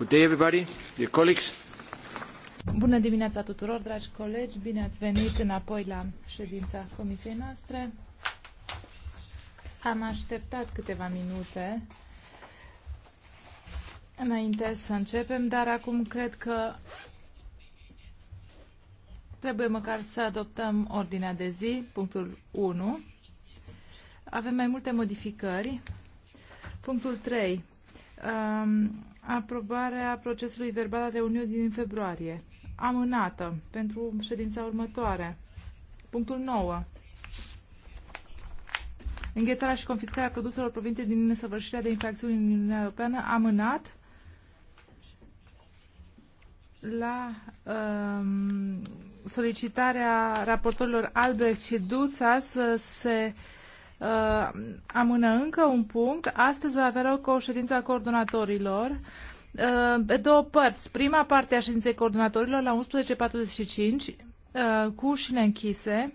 Good day, everybody, dear colleagues. Bună dimineața tuturor, dragi colegi, bine ați venit înapoi la ședința comisiei noastre. Am așteptat câteva minute înainte să începem, dar acum cred că trebuie măcar să adoptăm ordinea de zi, punctul 1. Avem mai multe modificări. Punctul 3. Um, aprobarea procesului verbal al reuniunii din februarie, amânată pentru ședința următoare. Punctul 9. Înghețarea și confiscarea produselor provenite din nesăvârșirea de infracțiuni în Uniunea Europeană, amânat la um, solicitarea raportorilor Albrecht și Duța să se Uh, amână încă un punct. Astăzi va avea loc o ședință a coordonatorilor uh, pe două părți. Prima parte a ședinței coordonatorilor la 11.45 uh, cu ușile închise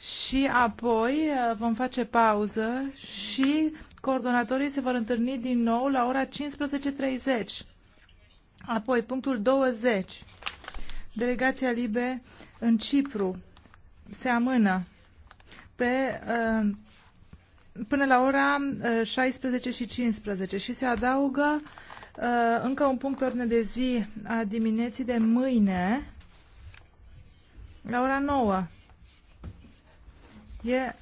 și apoi vom face pauză și coordonatorii se vor întâlni din nou la ora 15.30. Apoi, punctul 20. Delegația Libe în Cipru se amână pe, până la ora 16 și 15 și se adaugă încă un punct pe ordine de zi a dimineții de mâine la ora 9. E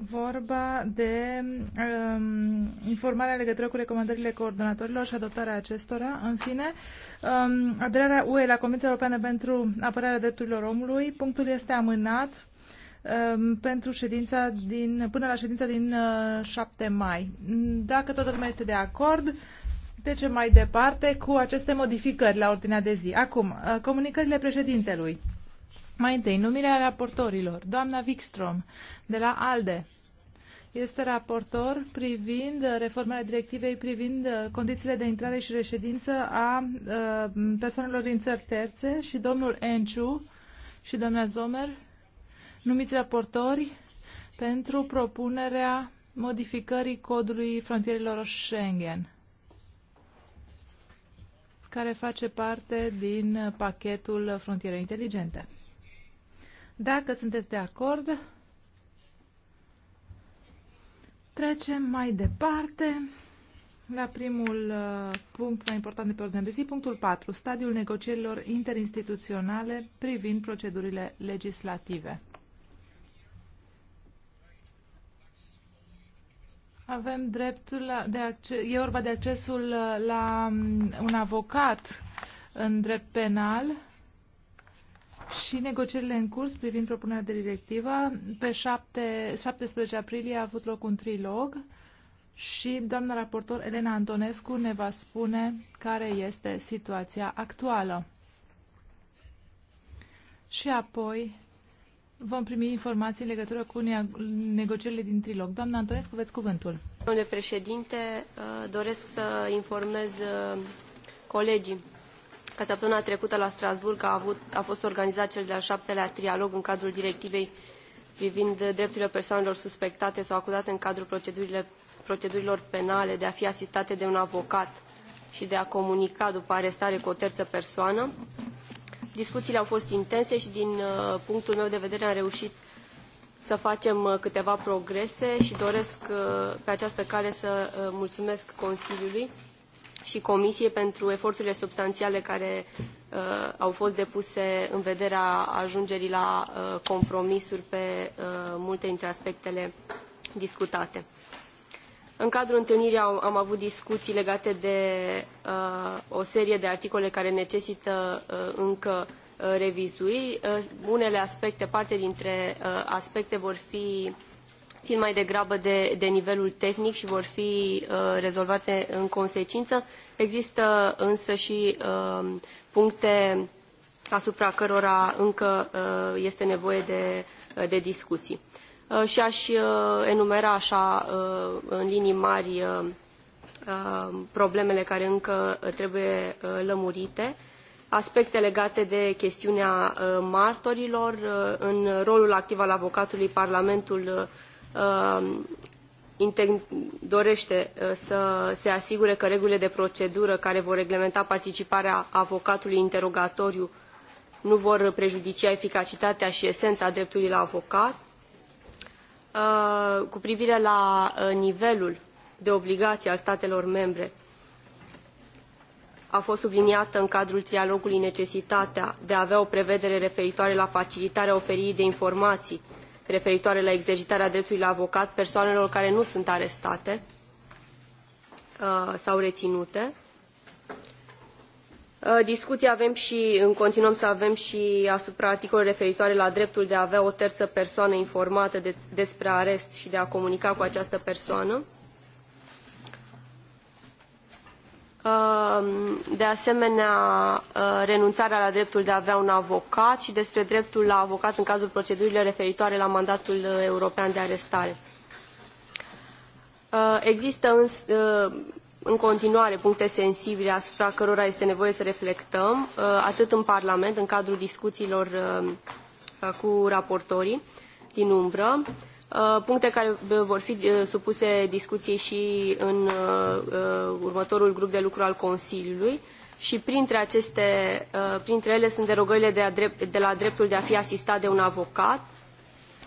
vorba de um, informarea legătură cu recomandările coordonatorilor și adoptarea acestora. În fine, um, aderarea UE la Comisia Europeană pentru Apărarea Drepturilor Omului. Punctul este amânat Um, pentru ședința din, până la ședința din 7 uh, mai. Dacă toată lumea este de acord, trecem mai departe cu aceste modificări la ordinea de zi. Acum, uh, comunicările președintelui. Mai întâi, numirea raportorilor. Doamna Wikstrom, de la ALDE, este raportor privind reformarea directivei privind uh, condițiile de intrare și reședință a persoanelor din țări terțe și domnul Enciu și doamna Zomer numiți raportori pentru propunerea modificării codului frontierilor Schengen, care face parte din pachetul frontiere inteligente. Dacă sunteți de acord, trecem mai departe la primul uh, punct mai important de pe ordine de zi, punctul 4, stadiul negocierilor interinstituționale privind procedurile legislative. Avem dreptul la, de acces, e vorba de accesul uh, la um, un avocat în drept penal și negocierile în curs privind propunerea de directivă. Pe 7, 17 aprilie a avut loc un trilog și doamna raportor Elena Antonescu ne va spune care este situația actuală. Și apoi vom primi informații în legătură cu negocierile din trilog. Doamna Antonescu, veți cuvântul. Domnule președinte, uh, doresc să informez uh, colegii că săptămâna trecută la Strasbourg a, avut, a fost organizat cel de-al șaptelea trialog în cadrul directivei privind drepturile persoanelor suspectate sau acuzate în cadrul procedurilor penale de a fi asistate de un avocat și de a comunica după arestare cu o terță persoană. Discuțiile au fost intense și din uh, punctul meu de vedere am reușit să facem uh, câteva progrese și doresc uh, pe această cale să mulțumesc Consiliului și Comisiei pentru eforturile substanțiale care au fost depuse în vederea ajungerii la compromisuri pe multe dintre aspectele discutate. În cadrul întâlnirii am, am avut discuții legate de uh, o serie de articole care necesită uh, încă uh, revizuiri. Uh, unele aspecte, parte dintre uh, aspecte vor fi țin mai degrabă de, de nivelul tehnic și vor fi uh, rezolvate în consecință. Există însă și puncte asupra cărora încă este nevoie de, de discuții. Uh, și aș uh, enumera așa uh, în linii mari problemele care încă trebuie lămurite, aspecte legate de chestiunea martorilor, în rolul activ al avocatului Parlamentul dorește să se asigure că regulile de procedură care vor reglementa participarea avocatului interogatoriu nu vor prejudicia eficacitatea și esența dreptului la avocat, Uh, cu privire la uh, nivelul de obligații al statelor membre a fost subliniată în cadrul trialogului necesitatea de a avea o prevedere referitoare la facilitarea oferirii de informații referitoare la exercitarea dreptului la avocat persoanelor care nu sunt arestate uh, sau reținute Uh, Discuții avem și, în continuăm să avem și asupra articolului referitoare la dreptul de a avea o terță persoană informată de, despre arest și de a comunica cu această persoană. Uh, de asemenea, uh, renunțarea la dreptul de a avea un avocat și despre dreptul la avocat în cazul procedurilor referitoare la mandatul european de arestare. Există în continuare puncte sensibile asupra cărora este nevoie să reflectăm, uh, atât în Parlament, în cadrul discuțiilor uh, uh, cu raportorii din umbră, puncte care vor fi supuse discuției și în următorul grup de lucru al Consiliului și printre, aceste, printre ele sunt derogările de, drept, de la dreptul de a fi asistat de un avocat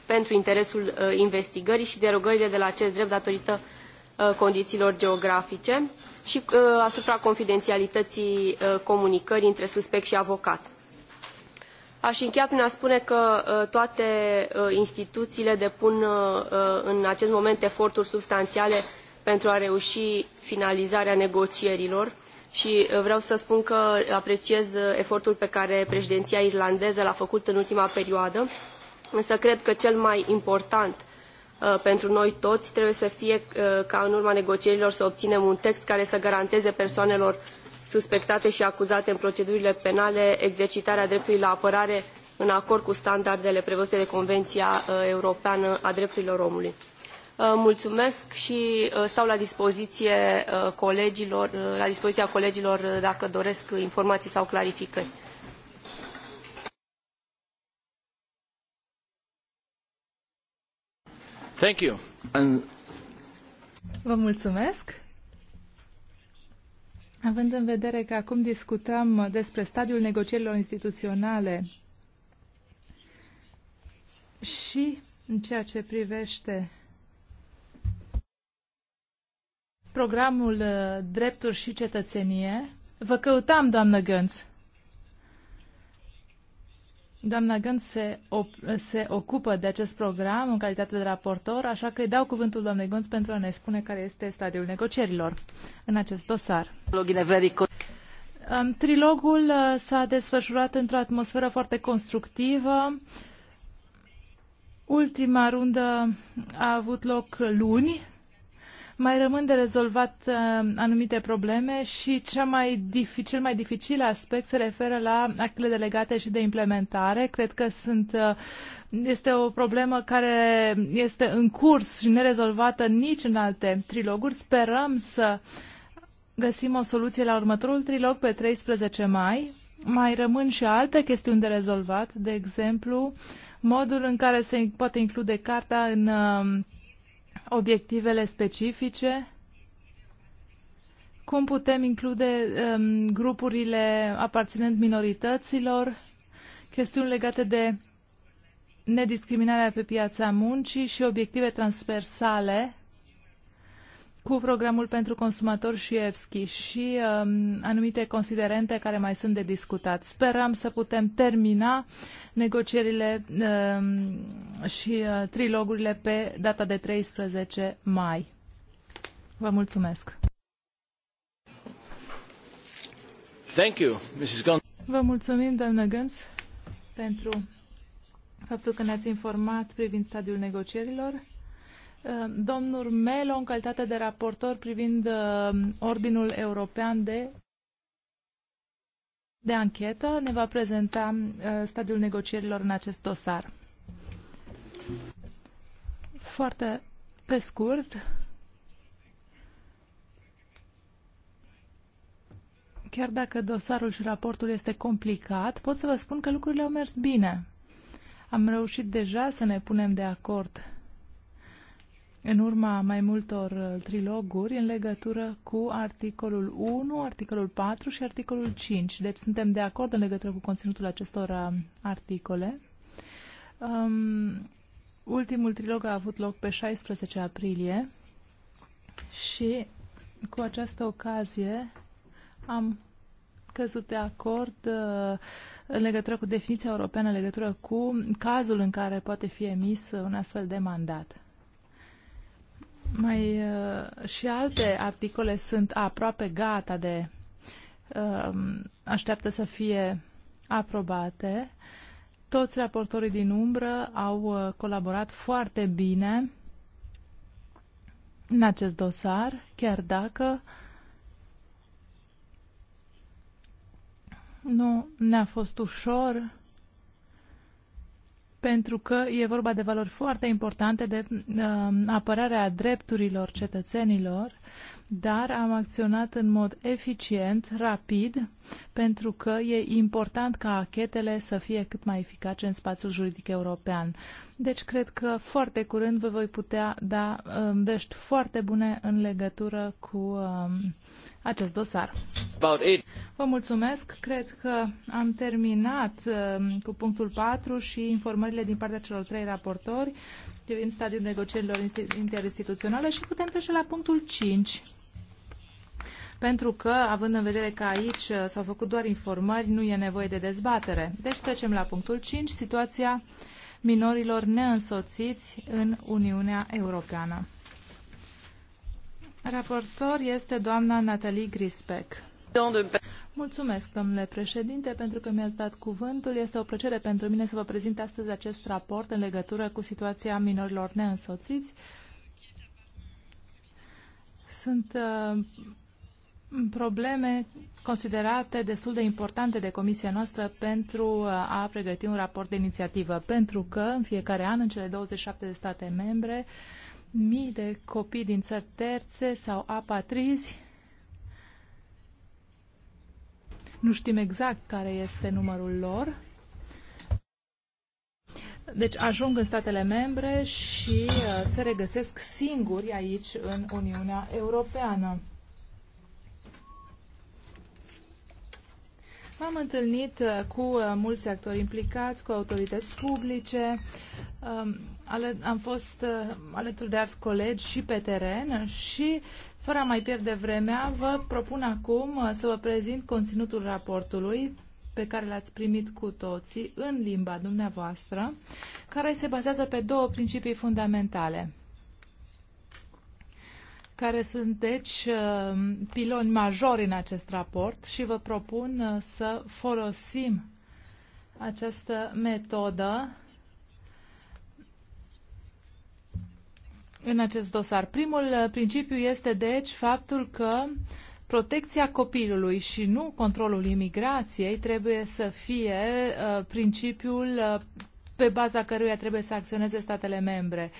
pentru interesul investigării și derogările de la acest drept datorită Uh, condițiilor geografice și uh, asupra confidențialității uh, comunicării între suspect și avocat. Aș încheia prin a spune că toate instituțiile depun în acest moment eforturi substanțiale pentru a reuși finalizarea negocierilor și vreau să spun că apreciez efortul pe care președinția irlandeză l-a făcut în ultima perioadă, însă cred că cel mai important Uh, pentru noi toți trebuie să fie uh, ca în urma negocierilor să obținem un text care să garanteze persoanelor suspectate și acuzate în procedurile penale exercitarea dreptului la apărare în acord cu standardele prevăzute de Convenția uh, Europeană a Drepturilor Omului. Mulțumesc și stau la dispoziție colegilor, la dispoziția colegilor dacă doresc informații sau clarificări. Vă mulțumesc. Având în vedere că acum discutăm despre stadiul negocierilor instituționale și în ceea ce privește programul uh, Drepturi și Cetățenie, vă căutam, doamnă Gânț. Doamna Gând se, op- se ocupă de acest program în calitate de raportor, așa că îi dau cuvântul doamnei Gând pentru a ne spune care este stadiul negocierilor în acest dosar. Trilogul uh, s-a desfășurat într-o atmosferă foarte constructivă. Ultima rundă a avut loc luni mai rămân de rezolvat uh, anumite probleme și cea mai dificil, cel mai dificil aspect se referă la actele delegate și de implementare. Cred că sunt uh, este o problemă care este în curs și nerezolvată nici în alte triloguri. Sperăm să găsim o soluție la următorul trilog pe 13 mai. Mai rămân și alte chestiuni de rezolvat, de exemplu, modul în care se poate include cartea în uh, obiectivele specifice, cum putem include um, grupurile aparținând minorităților, chestiuni legate de nediscriminarea pe piața muncii și obiective transversale cu programul pentru consumator și EFSCI și um, anumite considerente care mai sunt de discutat. Sperăm să putem termina negocierile um, și uh, trilogurile pe data de 13 mai. Vă mulțumesc! Thank you, Mrs. Vă mulțumim, doamnă Gânz, pentru faptul că ne-ați informat privind stadiul negocierilor domnul Melo în calitate de raportor privind uh, Ordinul European de de anchetă ne va prezenta uh, stadiul negocierilor în acest dosar. Foarte pe scurt, chiar dacă dosarul și raportul este complicat, pot să vă spun că lucrurile au mers bine. Am reușit deja să ne punem de acord în urma mai multor uh, triloguri în legătură cu articolul 1, articolul 4 și articolul 5. Deci suntem de acord în legătură cu conținutul acestor uh, articole. Um, ultimul trilog a avut loc pe 16 aprilie și cu această ocazie am căzut de acord uh, în legătură cu definiția europeană, în legătură cu cazul în care poate fi emis un astfel de mandat mai uh, și alte articole sunt aproape gata de uh, așteaptă să fie aprobate. Toți raportorii din umbră au uh, colaborat foarte bine în acest dosar, chiar dacă nu ne-a fost ușor pentru că e vorba de valori foarte importante de uh, apărarea drepturilor cetățenilor dar am acționat în mod eficient, rapid, pentru că e important ca achetele să fie cât mai eficace în spațiul juridic european. Deci cred că foarte curând vă voi putea da um, vești foarte bune în legătură cu um, acest dosar. Vă mulțumesc. Cred că am terminat um, cu punctul 4 și informările din partea celor trei raportori în stadiul negocierilor interinstituționale și putem trece la punctul 5 pentru că, având în vedere că aici uh, s-au făcut doar informări, nu e nevoie de dezbatere. Deci trecem la punctul 5, situația minorilor neînsoțiți în Uniunea Europeană. Raportor este doamna Natalie Grispec. Mulțumesc, domnule președinte, pentru că mi-ați dat cuvântul. Este o plăcere pentru mine să vă prezint astăzi acest raport în legătură cu situația minorilor neînsoțiți. Sunt uh, probleme considerate destul de importante de comisia noastră pentru uh, a pregăti un raport de inițiativă, pentru că în fiecare an în cele 27 de state membre mii de copii din țări terțe sau apatrizi nu știm exact care este numărul lor. Deci ajung în statele membre și uh, se regăsesc singuri aici în Uniunea Europeană. M-am întâlnit uh, cu uh, mulți actori implicați, cu autorități publice, um, am fost uh, alături de alți colegi și pe teren și, fără a mai pierde vremea, vă propun acum să vă prezint conținutul raportului pe care l-ați primit cu toții în limba dumneavoastră, care se bazează pe două principii fundamentale – care sunt, deci, uh, piloni majori în acest raport și vă propun uh, să folosim această metodă în acest dosar. Primul uh, principiu este, deci, faptul că protecția copilului și nu controlul imigrației trebuie să fie principiul pe baza căruia trebuie să acționeze statele membre. Uh,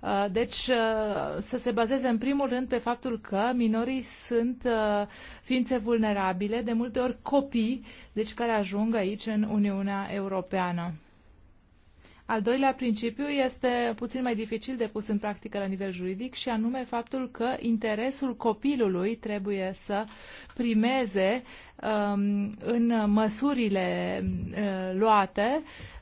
Uh, deci uh, să se bazeze în primul rând pe faptul că minorii sunt uh, ființe vulnerabile, de multe ori copii, deci care ajung aici în Uniunea Europeană. Al doilea principiu este puțin mai dificil de pus în practică la nivel juridic și anume faptul că interesul copilului trebuie să primeze um, în măsurile uh, luate uh,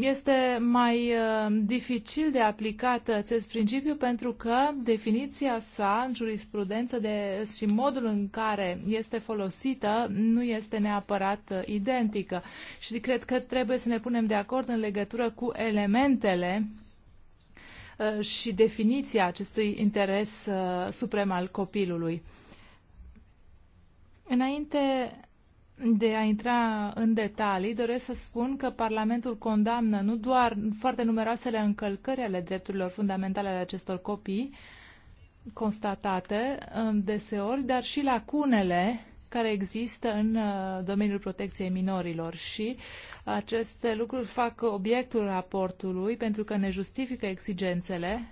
este mai uh, dificil de aplicat acest principiu pentru că definiția sa în jurisprudență de, și modul în care este folosită nu este neapărat uh, identică. Și cred că trebuie să ne punem de acord în legătură cu elementele uh, și definiția acestui interes suprem al copilului. Înainte de a intra în detalii, doresc să spun că Parlamentul condamnă nu doar foarte numeroasele încălcări ale drepturilor fundamentale ale acestor copii, constatate um, deseori, dar și lacunele care există în uh, domeniul protecției minorilor și aceste lucruri fac obiectul raportului pentru că ne justifică exigențele,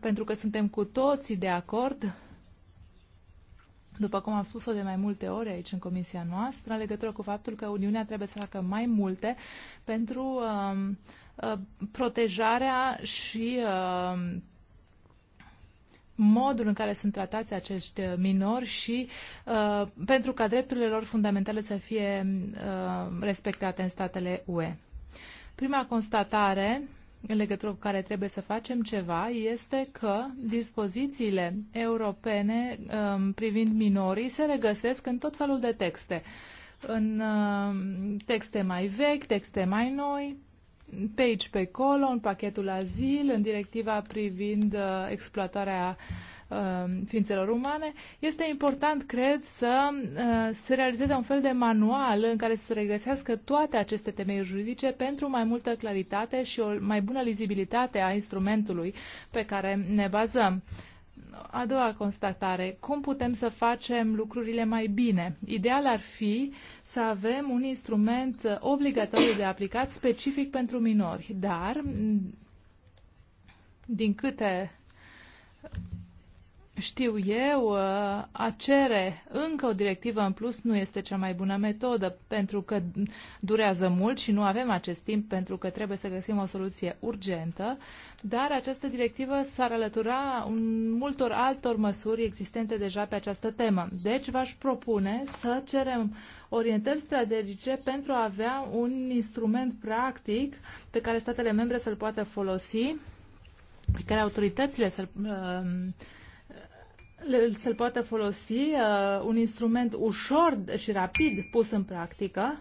pentru că suntem cu toții de acord după cum am spus-o de mai multe ori aici în comisia noastră, în legătură cu faptul că Uniunea trebuie să facă mai multe pentru uh, uh, protejarea și uh, modul în care sunt tratați acești uh, minori și uh, pentru ca drepturile lor fundamentale să fie uh, respectate în statele UE. Prima constatare în legătură cu care trebuie să facem ceva este că dispozițiile europene um, privind minorii se regăsesc în tot felul de texte. În um, texte mai vechi, texte mai noi, pe aici, pe acolo, în pachetul azil, în directiva privind uh, exploatarea uh, Uh, ființelor umane, este important, cred, să uh, se realizeze un fel de manual în care să se regăsească toate aceste temei juridice pentru mai multă claritate și o mai bună lizibilitate a instrumentului pe care ne bazăm. A doua constatare, cum putem să facem lucrurile mai bine? Ideal ar fi să avem un instrument obligatoriu de aplicat specific pentru minori, dar din câte știu eu, uh, a cere încă o directivă în plus nu este cea mai bună metodă, pentru că durează mult și nu avem acest timp, pentru că trebuie să găsim o soluție urgentă, dar această directivă s-ar alătura multor altor măsuri existente deja pe această temă. Deci v-aș propune să cerem orientări strategice pentru a avea un instrument practic pe care statele membre să-l poată folosi, pe care autoritățile să-l uh, să-l poată folosi, uh, un instrument ușor și rapid pus în practică.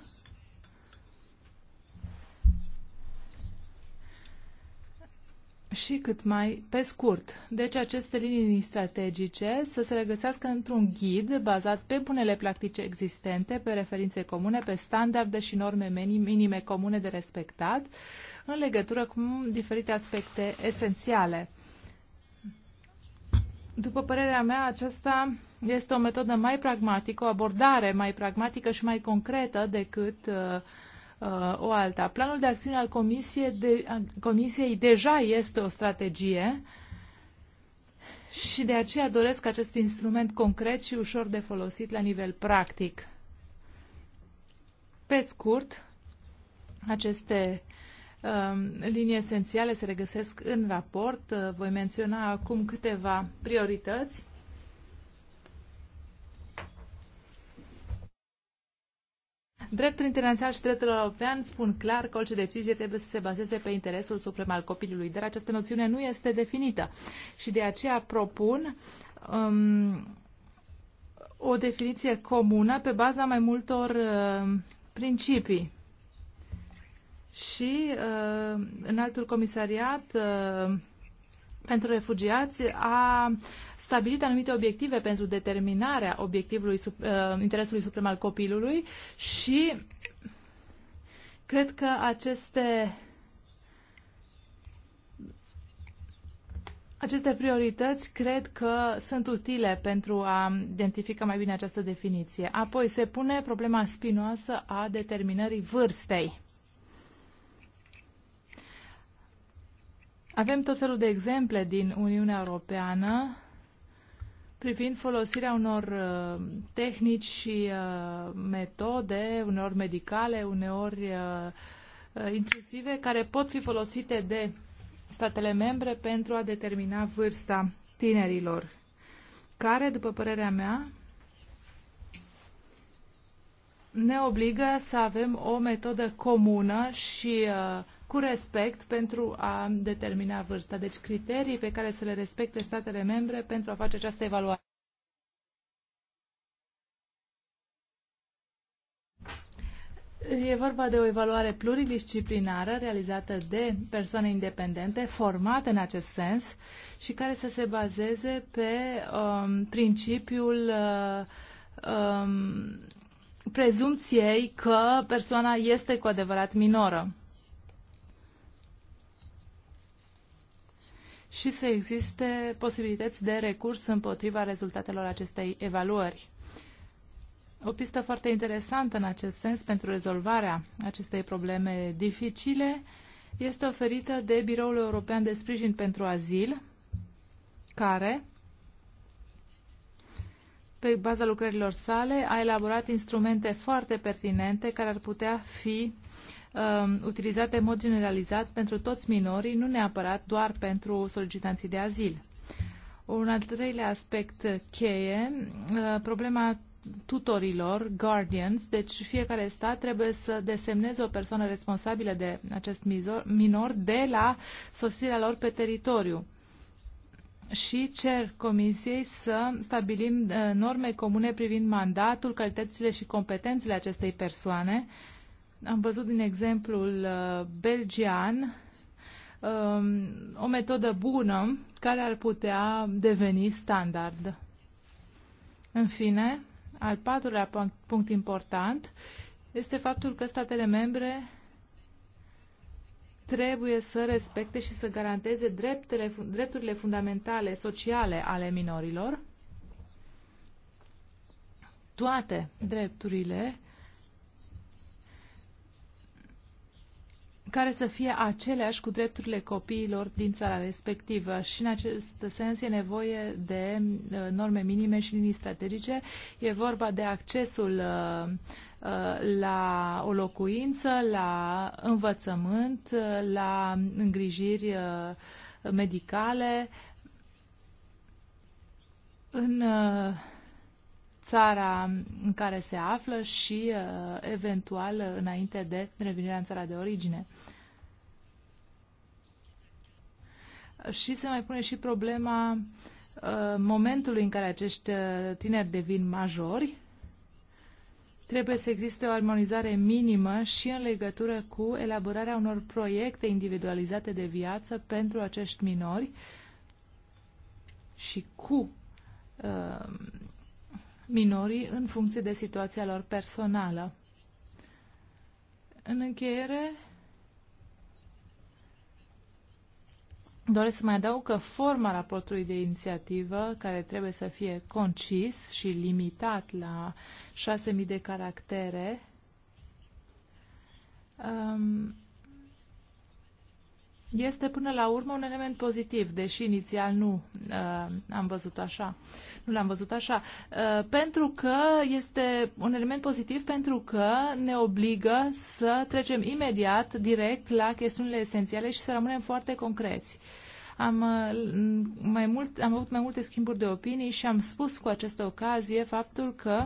și cât mai pe scurt. Deci aceste linii strategice să se regăsească într-un ghid bazat pe bunele practice existente, pe referințe comune, pe standarde și norme minime comune de respectat, în legătură cu diferite aspecte esențiale după părerea mea, aceasta este o metodă mai pragmatică, o abordare mai pragmatică și mai concretă decât uh, uh, o alta. Planul de acțiune al comisie de, a, Comisiei deja este o strategie și de aceea doresc acest instrument concret și ușor de folosit la nivel practic. Pe scurt, aceste Um, linii esențiale se regăsesc în raport. Uh, voi menționa acum câteva priorități. Dreptul internațional și dreptul european spun clar că orice decizie trebuie să se bazeze pe interesul suprem al copilului, dar această noțiune nu este definită și de aceea propun um, o definiție comună pe baza mai multor uh, principii și uh, înaltul comisariat uh, pentru refugiați a stabilit anumite obiective pentru determinarea obiectivului uh, interesului suprem al copilului și cred că aceste Aceste priorități cred că sunt utile pentru a identifica mai bine această definiție. Apoi se pune problema spinoasă a determinării vârstei. Avem tot felul de exemple din Uniunea Europeană privind folosirea unor uh, tehnici și uh, metode, uneori medicale, uneori uh, uh, intrusive, care pot fi folosite de statele membre pentru a determina vârsta tinerilor, care, după părerea mea, ne obligă să avem o metodă comună și uh, cu respect pentru a determina vârsta. Deci criterii pe care să le respecte statele membre pentru a face această evaluare. E vorba de o evaluare pluridisciplinară realizată de persoane independente, formate în acest sens și care să se bazeze pe um, principiul uh, um, prezumției că persoana este cu adevărat minoră. și să existe posibilități de recurs împotriva rezultatelor acestei evaluări. O pistă foarte interesantă în acest sens pentru rezolvarea acestei probleme dificile este oferită de Biroul European de Sprijin pentru Azil, care, pe baza lucrărilor sale, a elaborat instrumente foarte pertinente care ar putea fi uh, uh, um, utilizate în mod generalizat pentru toți minorii, nu neapărat doar pentru solicitanții de azil. Un al treilea aspect cheie, uh, problema tutorilor, guardians, deci fiecare stat trebuie să desemneze o persoană responsabilă de acest minor de la sosirea lor pe teritoriu. Și cer Comisiei să stabilim uh, norme comune privind mandatul, calitățile și competențele acestei persoane, am văzut din exemplul uh, belgian um, o metodă bună care ar putea deveni standard. În fine, al patrulea punct important este faptul că statele membre trebuie să respecte și să garanteze dreptele, drepturile fundamentale sociale ale minorilor, toate drepturile care să fie aceleași cu drepturile copiilor din țara respectivă și în acest sens e nevoie de uh, norme minime și linii strategice. E vorba de accesul uh, uh, la o locuință, la învățământ, la îngrijiri medicale. În țara în care se află și uh, eventual uh, înainte de revenirea în țara de origine. Și se mai pune și problema uh, momentului în care acești tineri devin majori. Trebuie să existe o armonizare minimă și în legătură cu elaborarea unor proiecte individualizate de viață pentru acești minori și cu minorii în funcție de situația lor personală. În încheiere, doresc să mai adaug că forma raportului de inițiativă, care trebuie să fie concis și limitat la 6.000 de caractere, um, este până la urmă un element pozitiv, deși inițial nu uh, am văzut așa. Nu l-am văzut așa. Uh, pentru că este un element pozitiv pentru că ne obligă să trecem imediat, direct, la chestiunile esențiale și să rămânem foarte concreți. Am, uh, mai mult, am avut mai multe schimburi de opinii și am spus cu această ocazie faptul că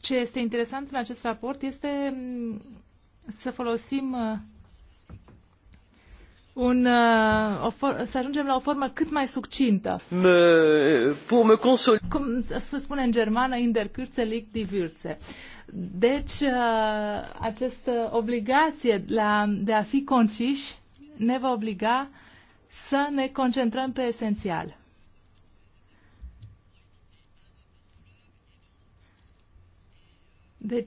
ce este interesant în acest raport este să folosim uh, un, uh, o for- să ajungem la o formă cât mai succintă. Me, pour me consol- Cum se spune în germană, in der Kürze liegt die Würze. Deci, uh, această obligație la, de a fi conciși ne va obliga să ne concentrăm pe esențial. De,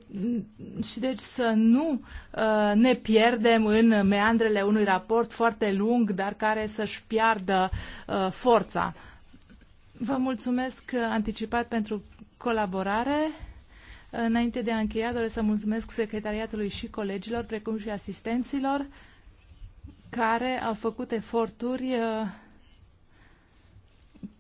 și deci să nu uh, ne pierdem în meandrele unui raport foarte lung, dar care să-și piardă uh, forța. Vă mulțumesc anticipat pentru colaborare. Înainte de a încheia, doresc să mulțumesc secretariatului și colegilor, precum și asistenților, care au făcut eforturi uh,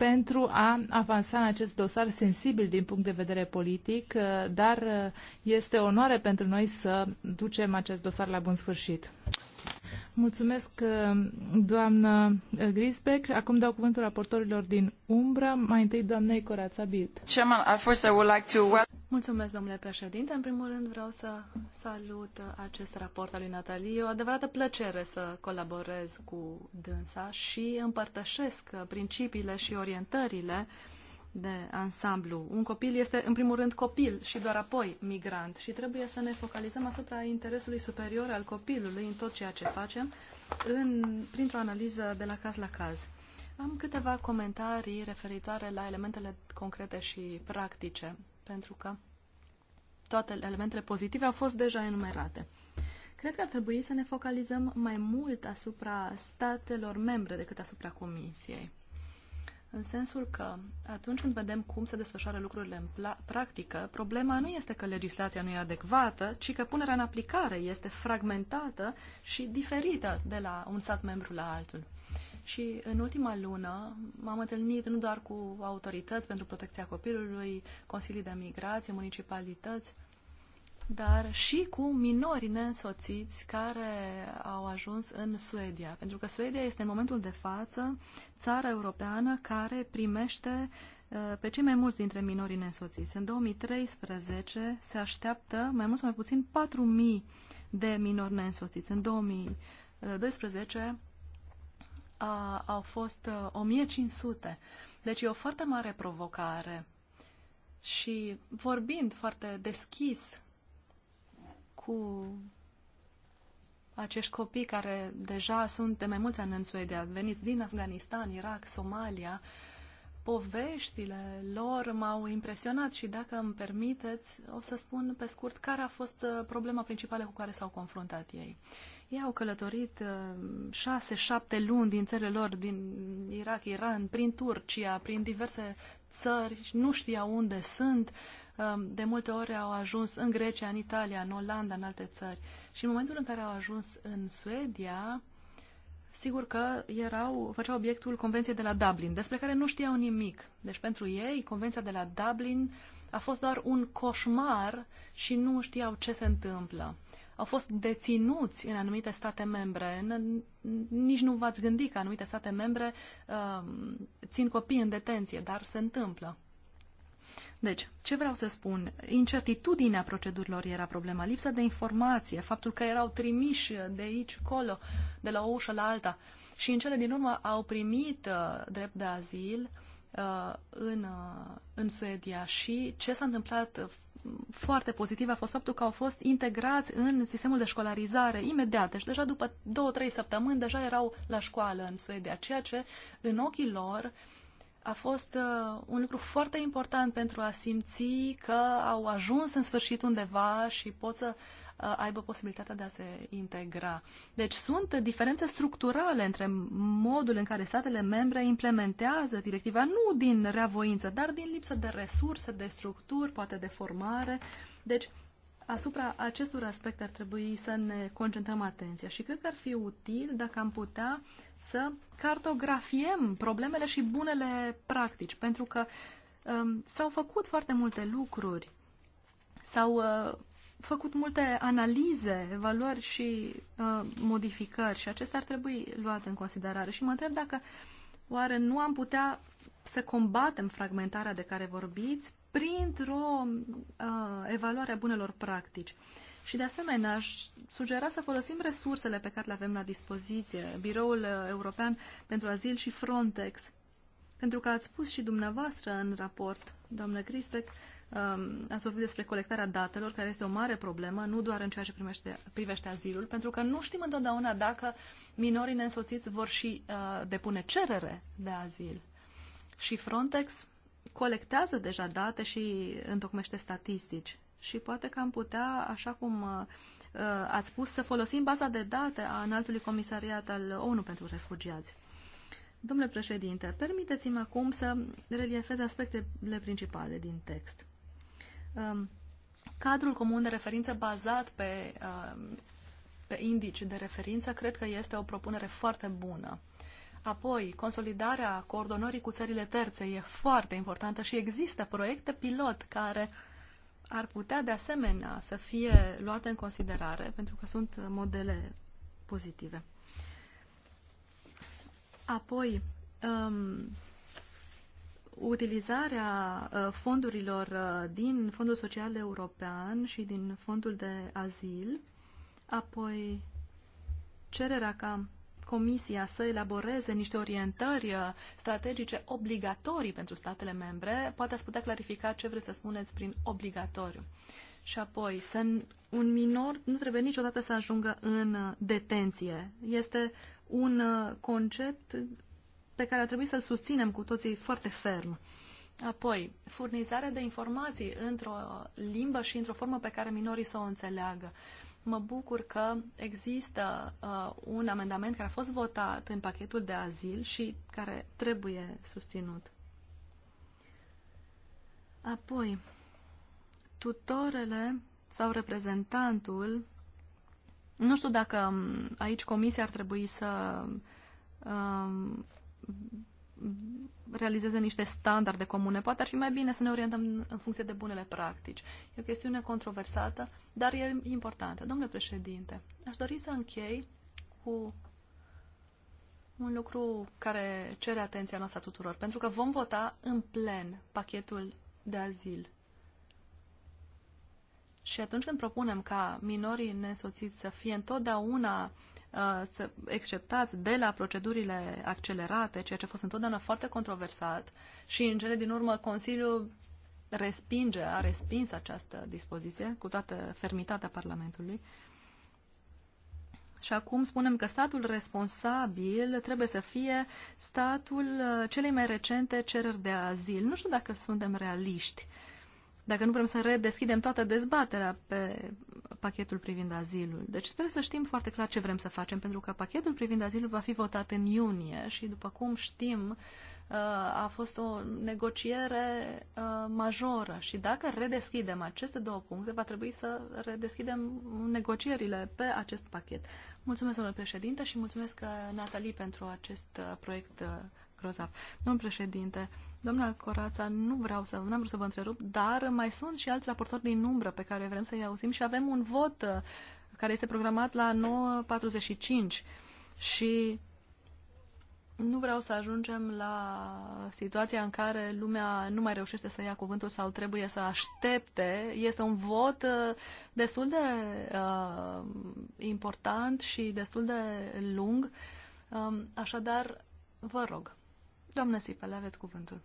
pentru a avansa în acest dosar sensibil din punct de vedere politic, uh, dar uh, este onoare pentru noi să ducem acest dosar la bun sfârșit. Mulțumesc, uh, doamnă uh, Grisbeck. Acum dau cuvântul raportorilor din umbră. Mai întâi, doamnei Corața Bild. Mulțumesc, domnule președinte. În primul rând vreau să salut uh, acest raport al lui Natalie. E o adevărată plăcere să colaborez cu dânsa și împărtășesc principiile și orientările uh, de ansamblu. Un copil este, în primul rând, copil și doar apoi migrant și trebuie să ne focalizăm asupra interesului superior al copilului în tot ceea ce facem, în, printr-o analiză de la caz la caz. Am câteva comentarii referitoare la elementele concrete și practice, pentru că toate elementele pozitive au fost deja enumerate. Cred că ar trebui să ne focalizăm mai mult asupra statelor membre decât asupra Comisiei în sensul că atunci când vedem cum se desfășoară lucrurile în practică, problema nu este că legislația nu e adecvată, ci că punerea în aplicare este fragmentată și diferită de la un stat membru la altul. Și în ultima lună m-am întâlnit nu doar cu autorități pentru protecția copilului, consilii de migrație, municipalități, dar și cu minori neînsoțiți care au ajuns în Suedia. Pentru că Suedia este în momentul de față țara europeană care primește uh, pe cei mai mulți dintre minorii nesoțiți. În 2013 se așteaptă mai mult sau mai puțin 4.000 de minori neînsoțiți. În 2012 a, uh, au fost 1.500. Uh, deci e o foarte mare provocare. Și vorbind foarte deschis cu acești copii care deja sunt de mai mulți ani în Suedia, veniți din Afganistan, Irak, Somalia, poveștile lor m-au impresionat și dacă îmi permiteți, o să spun pe scurt care a fost uh, problema principală cu care s-au confruntat ei. Ei au călătorit uh, șase, șapte luni din țările lor, din Irak, Iran, prin Turcia, prin diverse țări, nu știau unde sunt, Um, de multe ori au ajuns în Grecia, în Italia, în Olanda, în alte țări. Și în momentul în care au ajuns în Suedia, sigur că erau, făceau obiectul Convenției de la Dublin, despre care nu știau nimic. Deci pentru ei, Convenția de la Dublin a fost doar un coșmar și nu știau ce se întâmplă. Au fost deținuți în anumite state membre. Nici nu v-ați gândit că anumite state membre uh, țin copii în detenție, dar se întâmplă. Deci, ce vreau să spun? Incertitudinea procedurilor era problema, lipsa de informație, faptul că erau trimiși de aici, colo, de la o ușă la alta și în cele din urmă au primit uh, drept de azil uh, în, uh, în Suedia și ce s-a întâmplat uh, foarte pozitiv a fost faptul că au fost integrați în sistemul de școlarizare imediat. Deci deja după două, trei săptămâni deja erau la școală în Suedia, ceea ce în ochii lor uh, a fost uh, un lucru foarte important pentru a simți că au ajuns în sfârșit undeva și pot să uh, aibă posibilitatea de a se integra. Deci sunt diferențe structurale între modul în care statele membre implementează directiva, nu din reavoință, dar din lipsă de resurse, de structuri, poate de formare. Deci Asupra acestor aspecte ar trebui să ne concentrăm atenția și cred că ar fi util dacă am putea să cartografiem problemele și bunele practici, pentru că um, s-au făcut foarte multe lucruri, s-au uh, făcut multe analize, evaluări și uh, modificări și acestea ar trebui luate în considerare. Și mă întreb dacă oare nu am putea să combatem fragmentarea de care vorbiți printr-o uh, evaluare a bunelor practici. Și de asemenea, aș sugera să folosim resursele pe care le avem la dispoziție, Biroul uh, European pentru Azil și Frontex, pentru că ați spus și dumneavoastră în raport, doamnă Grisbeck, um, ați vorbit despre colectarea datelor, care este o mare problemă, nu doar în ceea ce primește, privește azilul, pentru că nu știm întotdeauna dacă minorii neînsoțiți vor și uh, depune cerere de azil. Și Frontex colectează deja date și întocmește statistici. Și poate că am putea, așa cum uh, uh, ați spus, să folosim baza de date a înaltului comisariat al ONU pentru refugiați. Domnule președinte, permiteți-mi acum să reliefez aspectele principale din text. Um, cadrul comun de referință bazat pe, uh, pe indici de referință cred că este o propunere foarte bună. Apoi, consolidarea coordonării cu țările terțe e foarte importantă și există proiecte pilot care ar putea de asemenea să fie luate în considerare pentru că sunt modele pozitive. Apoi, um, utilizarea uh, fondurilor uh, din Fondul Social European și din Fondul de Azil, apoi cererea ca Comisia să elaboreze niște orientări uh, strategice obligatorii pentru statele membre, poate ați putea clarifica ce vreți să spuneți prin obligatoriu. Și apoi, să un minor nu trebuie niciodată să ajungă în uh, detenție. Este un uh, concept pe care ar trebui să-l susținem cu toții foarte ferm. Apoi, furnizarea de informații într-o limbă și într-o formă pe care minorii să o înțeleagă. Uh, Mă bucur că există uh, un amendament care a fost votat în pachetul de azil și care trebuie susținut. Apoi, tutorele sau reprezentantul, nu știu dacă um, aici comisia ar trebui să uh, realizeze niște standarde comune. Poate ar fi mai bine să ne orientăm în funcție de bunele practici. E o chestiune controversată, dar e importantă. Domnule președinte, aș dori să închei cu un lucru care cere atenția noastră tuturor, pentru că vom vota în plen pachetul de azil. Și atunci când propunem ca minorii nesoțiți să fie întotdeauna Uh, să exceptați de la procedurile accelerate, ceea ce a fost întotdeauna foarte controversat și în cele din urmă Consiliul respinge, a respins această dispoziție cu toată fermitatea Parlamentului. Și acum spunem că statul responsabil trebuie să fie statul uh, celei mai recente cereri de azil. Nu știu dacă suntem realiști, dacă nu vrem să redeschidem toată dezbaterea pe pachetul privind azilul. Deci trebuie să știm foarte clar ce vrem să facem, pentru că pachetul privind azilul va fi votat în iunie și, după cum știm, uh, a fost o negociere uh, majoră și dacă redeschidem aceste două puncte, va trebui să redeschidem negocierile pe acest pachet. Mulțumesc, domnule președinte, și mulțumesc, uh, Natalie, pentru acest proiect grozav. Domnul președinte, Doamna Corața, nu vreau să, nu am vrut să vă întrerup, dar mai sunt și alți raportori din umbră pe care vrem să-i auzim și avem un vot uh, care este programat la 9.45 și nu vreau să ajungem la situația în care lumea nu mai reușește să ia cuvântul sau trebuie să aștepte. Este un vot uh, destul de uh, important și destul de lung. Um, așadar, vă rog. Doamnă Sipel, aveți cuvântul.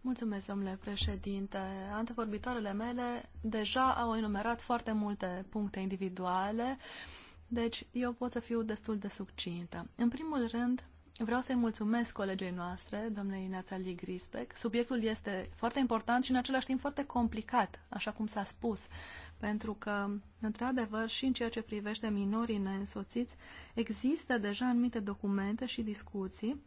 Mulțumesc, domnule președinte. Antevorbitoarele mele deja au enumerat foarte multe puncte individuale, deci eu pot să fiu destul de succintă. În primul rând, vreau să-i mulțumesc colegei noastre, domnei Natalie Grisbeck. Subiectul este foarte important și în același timp foarte complicat, așa cum s-a spus. Uh, pentru că, într-adevăr, și în ceea ce privește minorii neînsoțiți, există deja anumite documente și discuții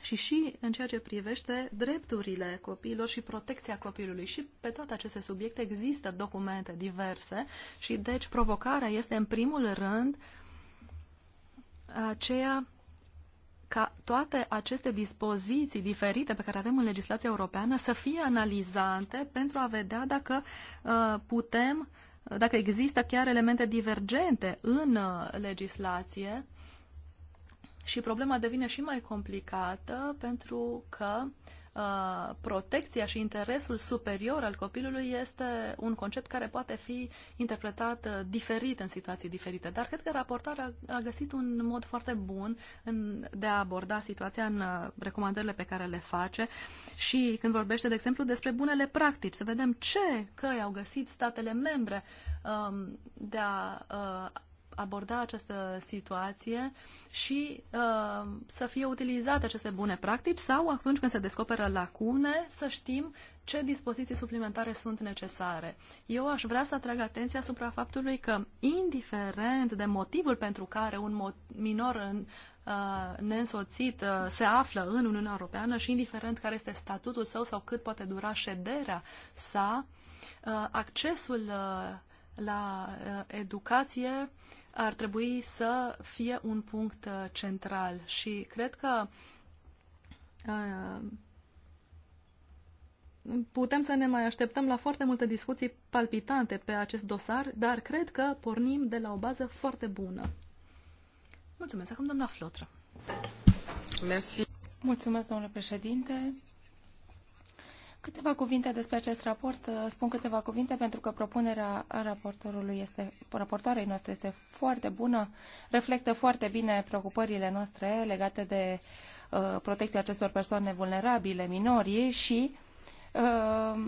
și și în ceea ce privește drepturile copiilor și protecția copilului. Și pe toate aceste subiecte există documente diverse și deci provocarea este în primul rând aceea ca toate aceste dispoziții diferite pe care avem în legislația europeană să fie analizante pentru a vedea dacă uh, putem, uh, dacă există chiar elemente divergente în uh, legislație și problema devine și mai complicată pentru că uh, Uh, protecția și interesul superior al copilului este un concept care poate fi interpretat uh, diferit în situații diferite. Dar cred că raportarea a găsit un mod foarte bun în, de a aborda situația în uh, recomandările pe care le face și când vorbește, de exemplu, despre bunele practici, să vedem ce căi au găsit statele membre um, de a aborda această situație și uh, să fie utilizate aceste bune practici sau atunci când se descoperă lacune să știm ce dispoziții suplimentare sunt necesare. Eu aș vrea să atrag atenția asupra faptului că, indiferent de motivul pentru care un minor în, uh, neînsoțit uh, se află în Uniunea Europeană și indiferent care este statutul său sau cât poate dura șederea sa, uh, accesul uh, la uh, educație ar trebui să fie un punct uh, central și cred că uh, putem să ne mai așteptăm la foarte multe discuții palpitante pe acest dosar, dar cred că pornim de la o bază foarte bună. Mulțumesc acum, doamna Flotră. Mulțumesc, domnule președinte. Câteva cuvinte despre acest raport. Uh, spun câteva cuvinte pentru că propunerea raportorului este, raportoarei noastre este foarte bună, reflectă foarte bine preocupările noastre legate de uh, protecția acestor persoane vulnerabile, minorii și uh,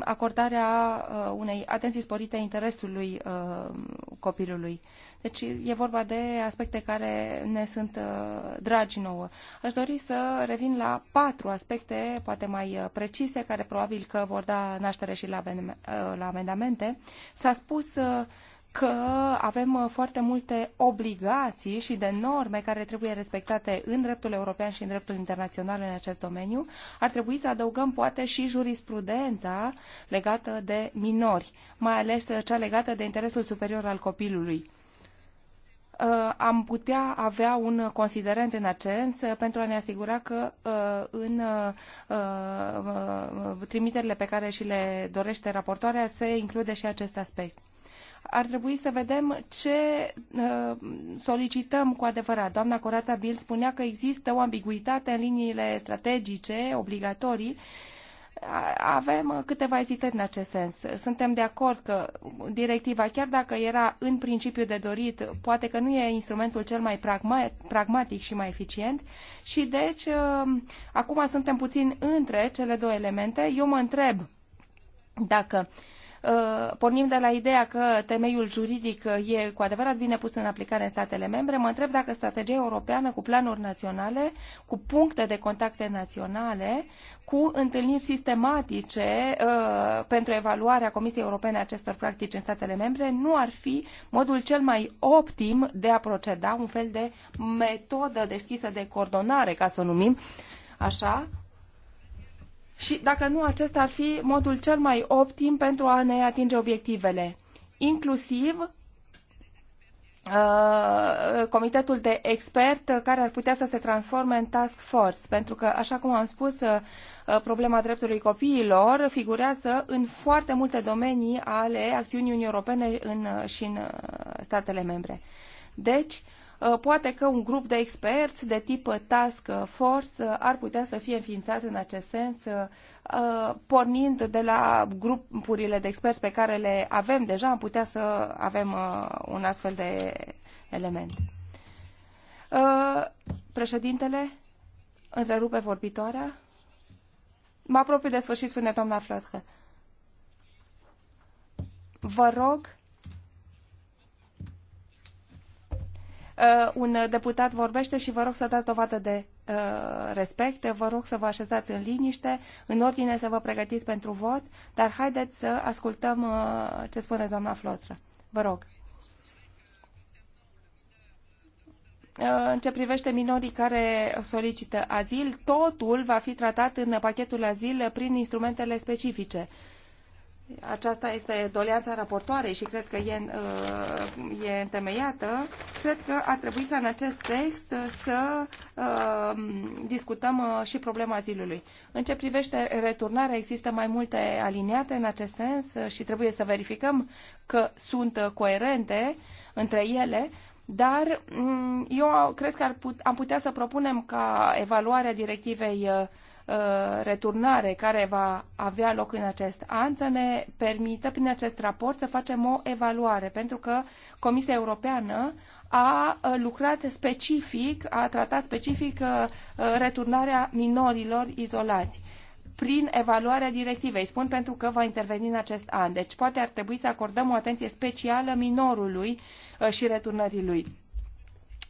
acordarea uh, unei atenții sporite interesului uh, copilului. Deci e vorba de aspecte care ne sunt uh, dragi nouă. Aș dori să revin la patru aspecte, poate mai uh, precise, care probabil că vor da naștere și la, uh, la amendamente. S-a spus că avem uh, foarte multe obligații și de norme care trebuie respectate în dreptul european și în dreptul internațional în acest domeniu, ar trebui să adăugăm poate și jurisprudența legată de minori, mai ales uh, cea legată de interesul superior al copilului uh, am putea avea un considerent în acest pentru a ne asigura că în trimiterile pe care și le dorește raportoarea se include și acest aspect ar trebui să vedem ce uh, solicităm cu adevărat. Doamna Corața Bil spunea că există o ambiguitate în liniile strategice obligatorii avem câteva ezitări în acest sens. Suntem de acord că directiva, chiar dacă era în principiu de dorit, poate că nu e instrumentul cel mai pragmatic și mai eficient și deci uh, acum suntem puțin între cele două elemente. Eu mă întreb dacă uh, Uh, pornim de la ideea că temeiul juridic uh, e cu adevărat bine pus în aplicare în statele membre, mă întreb dacă strategia europeană cu planuri naționale, cu puncte de contacte naționale, cu întâlniri sistematice uh, pentru evaluarea Comisiei Europene a acestor practici în statele membre, nu ar fi modul cel mai optim de a proceda, un fel de metodă deschisă de coordonare, ca să o numim așa, și dacă nu, acesta ar fi modul cel mai optim pentru a ne atinge obiectivele, inclusiv uh, comitetul de expert care ar putea să se transforme în task force, pentru că, așa cum am spus, uh, problema dreptului copiilor figurează în foarte multe domenii ale acțiunii Uniunii Europene în, uh, și în statele membre. Deci, uh, Uh, poate că un grup de experți de tip uh, task uh, force ar putea să fie înființat în acest sens, pornind de la grupurile de experți pe care le avem deja, am putea să avem un astfel de element. Președintele, întrerupe vorbitoarea. Mă apropii de sfârșit, spune doamna Flotre. Vă rog Uh, un deputat vorbește și vă rog să dați dovadă de uh, respect, vă rog să vă așezați în liniște, în ordine să vă pregătiți pentru vot, dar haideți să ascultăm uh, ce spune doamna Flotră. Vă rog. în ce privește minorii care solicită azil, totul va fi tratat în pachetul azil prin instrumentele specifice. Uh, aceasta este doleanța raportoarei și cred că e, uh, e întemeiată, cred că ar trebui ca în acest text să uh, discutăm uh, și problema zilului. În ce privește returnarea, există mai multe aliniate în acest sens și trebuie să verificăm că sunt coerente între ele, dar mm, eu cred că ar put, am putea să propunem ca evaluarea directivei uh, Uh, returnare care va avea loc în acest an să ne permită prin acest raport să facem o evaluare, pentru că Comisia Europeană a uh, lucrat specific, a tratat specific uh, returnarea minorilor izolați prin evaluarea directivei. Spun pentru că va interveni în acest an. Deci poate ar trebui să acordăm o atenție specială minorului și returnării lui.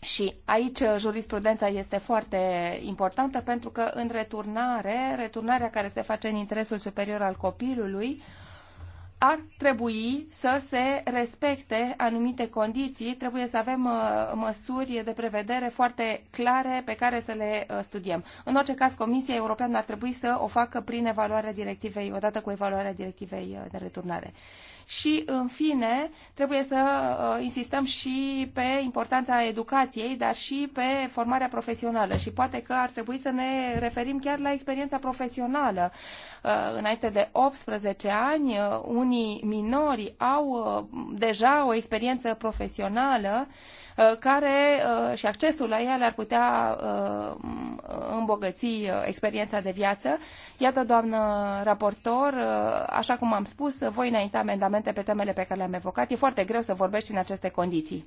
Și aici jurisprudența este foarte importantă pentru că în returnare, returnarea care se face în interesul superior al copilului, ar trebui să se respecte anumite condiții, trebuie să avem uh, măsuri de prevedere foarte clare pe care să le uh, studiem. În orice caz, Comisia Europeană ar trebui să o facă prin evaluarea directivei, odată cu evaluarea directivei uh, de returnare. Și, în fine, trebuie să uh, insistăm și pe importanța educației, dar și pe formarea profesională. Și poate că ar trebui să ne referim chiar la experiența profesională. Uh, înainte de 18 ani, uh, unii minori au deja o experiență profesională, Uh, care uh, și accesul la ele ar putea uh, îmbogăți experiența de viață. Iată, doamnă raportor, așa cum am spus, voi înainta amendamente pe temele pe care le-am evocat. E foarte greu să vorbești în aceste condiții.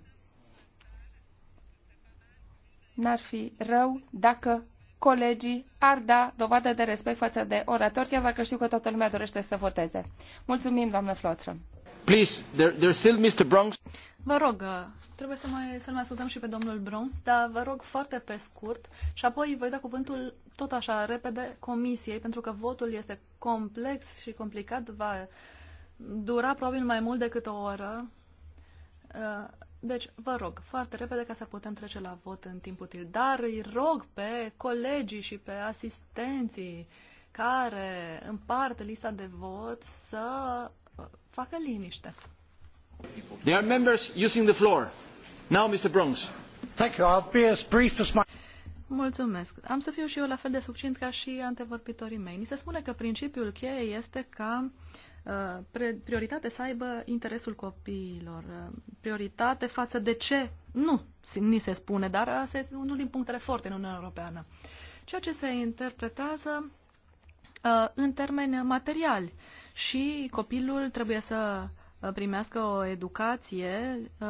N-ar fi rău dacă colegii ar da dovadă de respect față de orator chiar dacă știu că toată lumea dorește să voteze. Mulțumim, doamnă Flotră. Please, there, there's still Mr. Bronx. Vă rog, uh, trebuie să mai, să mai ascultăm și pe domnul Bruns, dar vă rog foarte pe scurt și apoi voi da cuvântul tot așa repede comisiei, pentru că votul este complex și complicat, va dura probabil mai mult decât o oră. Uh, deci, vă rog, foarte repede ca să putem trece la vot în timp util, dar îi rog pe colegii și pe asistenții care împart lista de vot să facă liniște. There are members using the floor. Now, Mr. Bronx. Thank you. I'll be as brief as my... Mulțumesc. Am să fiu și eu la fel de succint ca și antevorbitorii mei. Ni se spune că principiul cheie este ca uh, prioritate să aibă interesul copiilor. Uh, prioritate față de ce? Nu, ni se spune, dar asta este unul din punctele forte în Uniunea Europeană. Ceea ce se interpretează uh, în termeni materiali și copilul trebuie să Uh, primească o educație uh,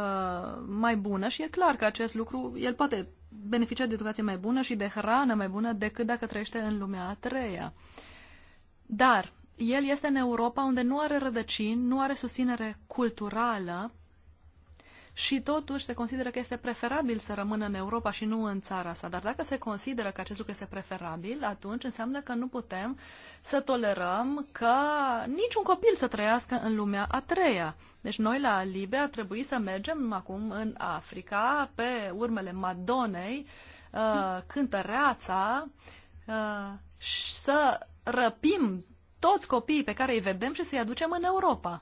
mai bună și e clar că acest lucru, el poate beneficia de educație mai bună și de hrană mai bună decât dacă trăiește în lumea a treia. Dar el este în Europa unde nu are rădăcini, nu are susținere culturală și totuși se consideră că este preferabil să rămână în Europa și nu în țara sa. Dar dacă se consideră că acest lucru este preferabil, atunci înseamnă că nu putem să tolerăm ca niciun copil să trăiască în lumea a treia. Deci noi la Libe ar trebui să mergem acum în Africa, pe urmele Madonei, uh, cântăreața, uh, să răpim toți copiii pe care îi vedem și să-i aducem în Europa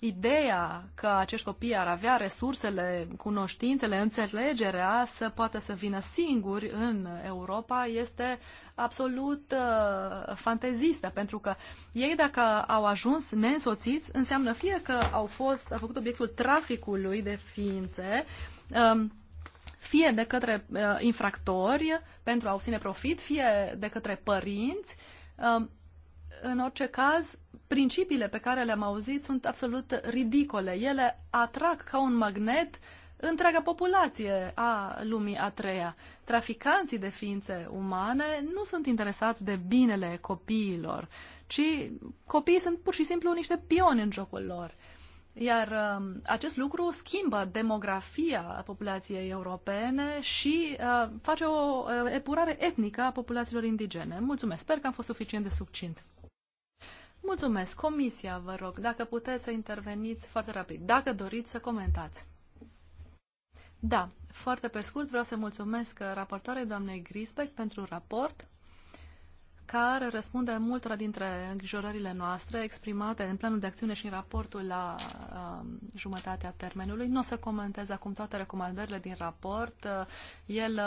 ideea că acești copii ar avea resursele, cunoștințele, înțelegerea să poată să vină singuri în Europa este absolut uh, fantezistă, pentru că ei dacă au ajuns neînsoțiți, înseamnă fie că au fost, a făcut obiectul traficului de ființe, um, fie de către uh, infractori pentru a obține profit, fie de către părinți. Uh, în orice caz, principiile pe care le-am auzit sunt absolut ridicole. Ele atrag ca un magnet întreaga populație a lumii a treia. Traficanții de ființe umane nu sunt interesați de binele copiilor, ci copiii sunt pur și simplu niște pioni în jocul lor. Iar um, acest lucru schimbă demografia populației europene și uh, face o uh, epurare etnică a populațiilor indigene. Mulțumesc, sper că am fost suficient de succint. Mulțumesc. Comisia, vă rog, dacă puteți să interveniți foarte rapid, dacă doriți să comentați. Da, foarte pe scurt vreau să mulțumesc uh, raportoarei doamnei Grisbeck pentru raport care răspunde multora dintre îngrijorările noastre exprimate în planul de acțiune și în raportul la uh, jumătatea termenului. Nu o să comentez acum toate recomandările din raport. Uh, el uh,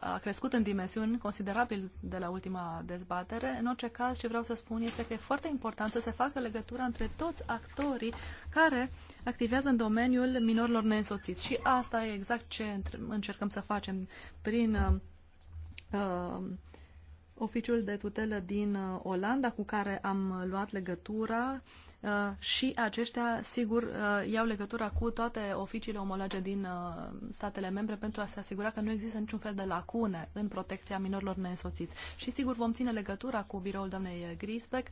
a crescut în dimensiuni considerabil de la ultima dezbatere. În orice caz, ce vreau să spun este că e foarte important să se facă legătura între toți actorii care activează în domeniul minorilor neînsoțiți. Și asta e exact ce încercăm să facem prin uh, uh oficiul de tutelă din uh, Olanda cu care am uh, luat legătura uh, și aceștia, sigur, iau legătura cu toate oficiile omologe din statele membre pentru a se asigura că nu există niciun fel de lacune în protecția minorilor neînsoțiți. Și, sigur, vom ține legătura cu biroul doamnei Grisbeck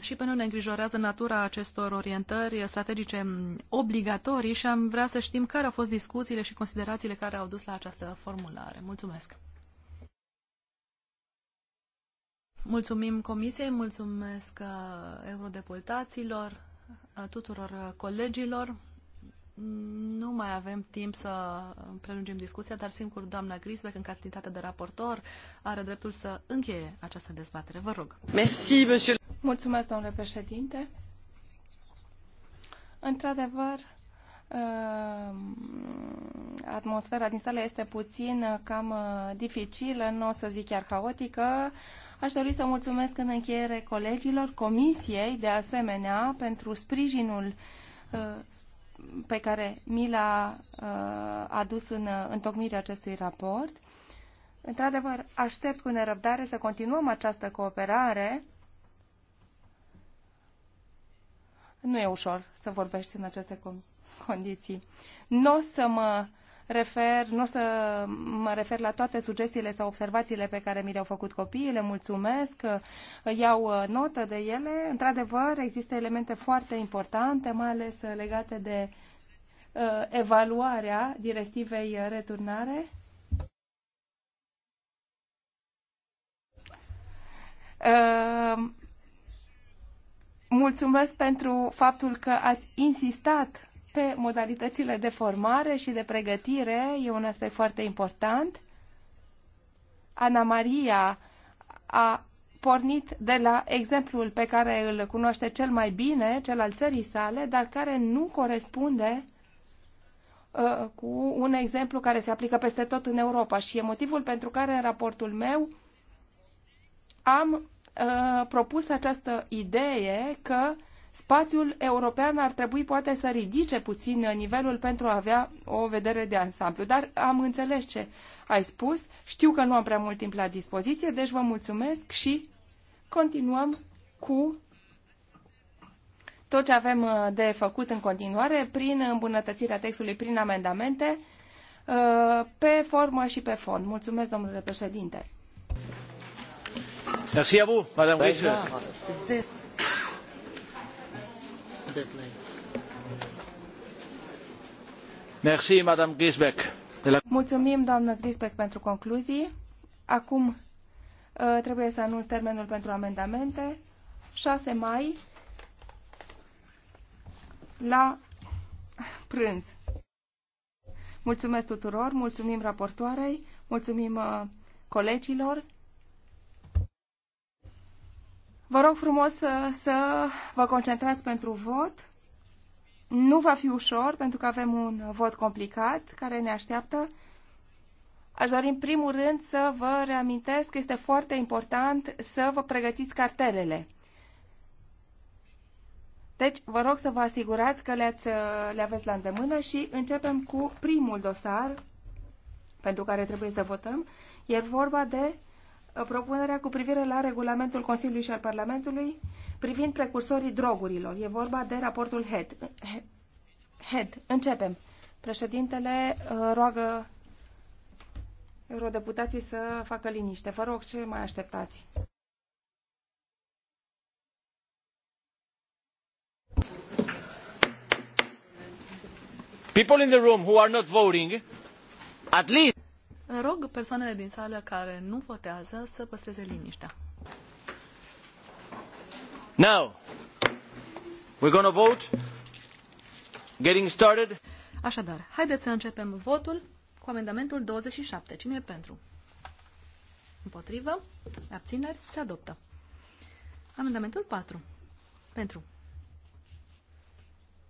și pe noi ne îngrijorează natura acestor orientări strategice mm, obligatorii și am vrea să știm care au fost discuțiile și considerațiile care au dus la această formulare. Mulțumesc! Mulțumim comisiei, mulțumesc uh, eurodeputaților, uh, tuturor uh, colegilor. Nu mai avem timp să prelungim discuția, dar singur doamna Grisbeck, în calitate de raportor, are dreptul să încheie această dezbatere. Vă rog. Merci, monsieur. Mulțumesc, domnule președinte. Într-adevăr, atmosfera din sală este puțin cam dificilă, nu o să zic chiar haotică. Aș dori să mulțumesc în încheiere colegilor, comisiei, de asemenea, pentru sprijinul uh, pe care mi l-a uh, adus în uh, întocmirea acestui raport. Într-adevăr, aștept cu nerăbdare să continuăm această cooperare. Nu e ușor să vorbești în aceste condiții. Nu o să mă refer, nu o să mă refer la toate sugestiile sau observațiile pe care mi le-au făcut copiii, le mulțumesc, iau uh, notă de ele. Într-adevăr, există elemente foarte importante, mai ales uh, legate de uh, evaluarea directivei uh, returnare. Uh, mulțumesc pentru faptul că ați insistat pe modalitățile de formare și de pregătire. E un aspect foarte important. Ana Maria a pornit de la exemplul pe care îl cunoaște cel mai bine, cel al țării sale, dar care nu corespunde uh, cu un exemplu care se aplică peste tot în Europa și e motivul pentru care în raportul meu am uh, propus această idee că uh, Spațiul european ar trebui poate să ridice puțin nivelul pentru a avea o vedere de ansamblu, dar am înțeles ce ai spus, știu că nu am prea mult timp la dispoziție, deci vă mulțumesc și continuăm cu tot ce avem uh, de făcut în continuare prin îmbunătățirea textului, prin amendamente, uh, pe formă și pe fond. Mulțumesc, domnule președinte. Merci à vous, Madame Mulțumim, doamnă Grisbeck, pentru concluzii. Acum ă, trebuie să anunț termenul pentru amendamente. 6 mai la prânz. Mulțumesc tuturor, mulțumim raportoarei, mulțumim ă, colegilor Vă rog frumos să, să vă concentrați pentru vot. Nu va fi ușor, pentru că avem un vot complicat care ne așteaptă. Aș dori în primul rând să vă reamintesc că este foarte important să vă pregătiți cartelele. Deci, vă rog să vă asigurați că le-ați, le aveți la îndemână și începem cu primul dosar pentru care trebuie să votăm. E vorba de Uh, propunerea cu privire la regulamentul Consiliului și al Parlamentului privind precursorii drogurilor. E vorba de raportul HED. HED. Începem. Președintele uh, roagă eurodeputații să facă liniște. Vă rog, ce mai așteptați? People in the room who are not voting, at least Rog persoanele din sală care nu votează să păstreze liniștea. Now, we're going to vote. Getting started. Așadar, haideți să începem votul cu amendamentul 27. Cine e pentru? Împotrivă? Abțineri? Se adoptă. Amendamentul 4. Pentru.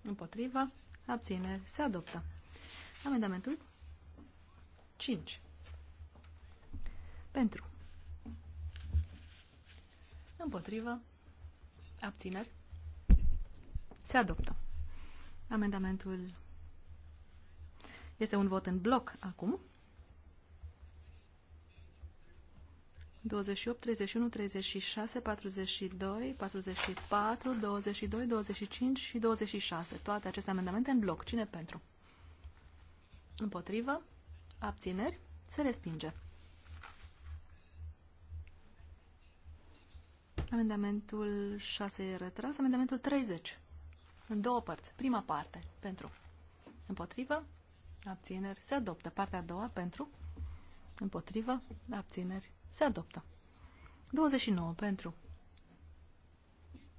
Împotrivă? Abțineri? Se adoptă. Amendamentul 5. Pentru. Împotrivă. Abțineri. Se adoptă. Amendamentul este un vot în bloc acum. 28, 31, 36, 42, 44, 22, 25 și 26. Toate aceste amendamente în bloc. Cine pentru? Împotrivă? Abțineri? Se respinge. Amendamentul 6 e retras. Amendamentul 30. În două părți. Prima parte. Pentru. Împotrivă. Abțineri. Se adoptă. Partea a doua. Pentru. Împotrivă. Abțineri. Se adoptă. 29. Pentru.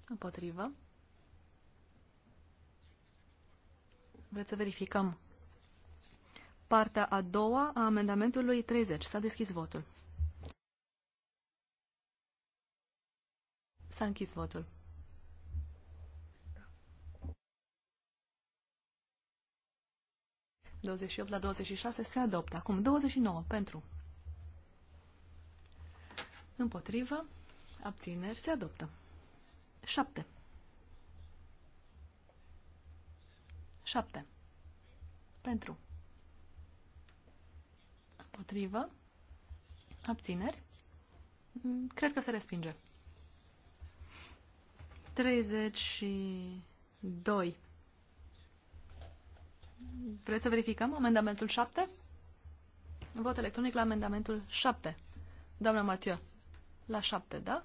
Împotrivă. Vreți să verificăm partea a doua a amendamentului 30. S-a deschis votul. S-a închis votul. Da. 28 la 26 se adoptă. Acum 29 pentru. Împotrivă. Abțineri se adoptă. 7. 7. Pentru. Împotrivă. Abțineri. Mm, cred că se respinge. 32. Vreți să verificăm amendamentul 7? Vot electronic la amendamentul 7. Doamna Mathieu, la 7, da?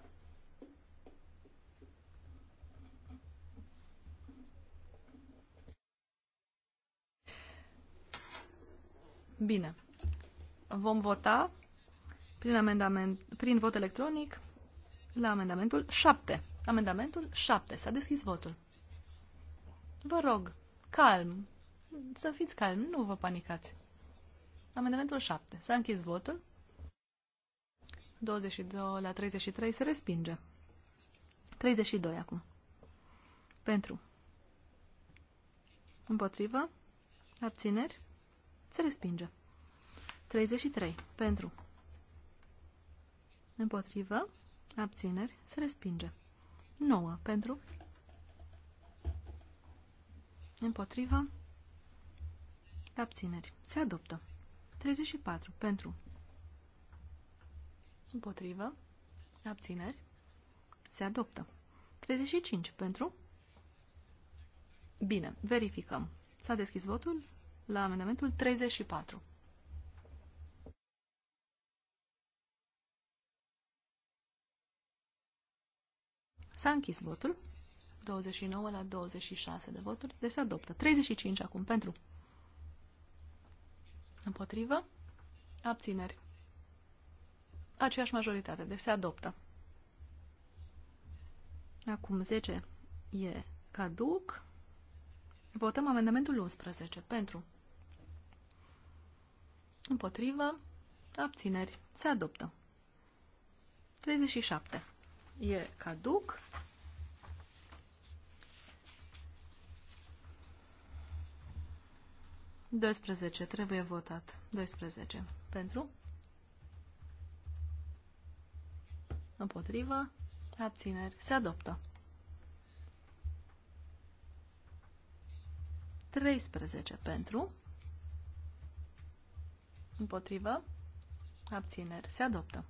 Bine. Vom vota prin, amendament, prin vot electronic la amendamentul 7. Amendamentul 7. S-a deschis votul. Vă rog, calm. Să fiți calm, nu vă panicați. Amendamentul 7. S-a închis votul. 22 la 33 se respinge. 32 acum. Pentru. Împotrivă. Abțineri. Se respinge. 33. Pentru. Împotrivă. Abțineri. Se respinge. 9 pentru, împotrivă, abțineri. Se adoptă. 34 pentru, împotrivă, abțineri. Se adoptă. 35 pentru, bine, verificăm. S-a deschis votul la amendamentul 34. S-a închis votul. 29 la 26 de voturi. Deci se adoptă. 35 acum pentru. Împotrivă. Abțineri. Aceeași majoritate. Deci se adoptă. Acum 10 e caduc. Votăm amendamentul 11. Pentru. Împotrivă. Abțineri. Se adoptă. 37 e caduc. Doisprezece, trebuie votat. Doisprezece Pentru? Împotrivă? Abțineri. Se adoptă. 13 pentru, împotrivă, abțineri, se adoptă.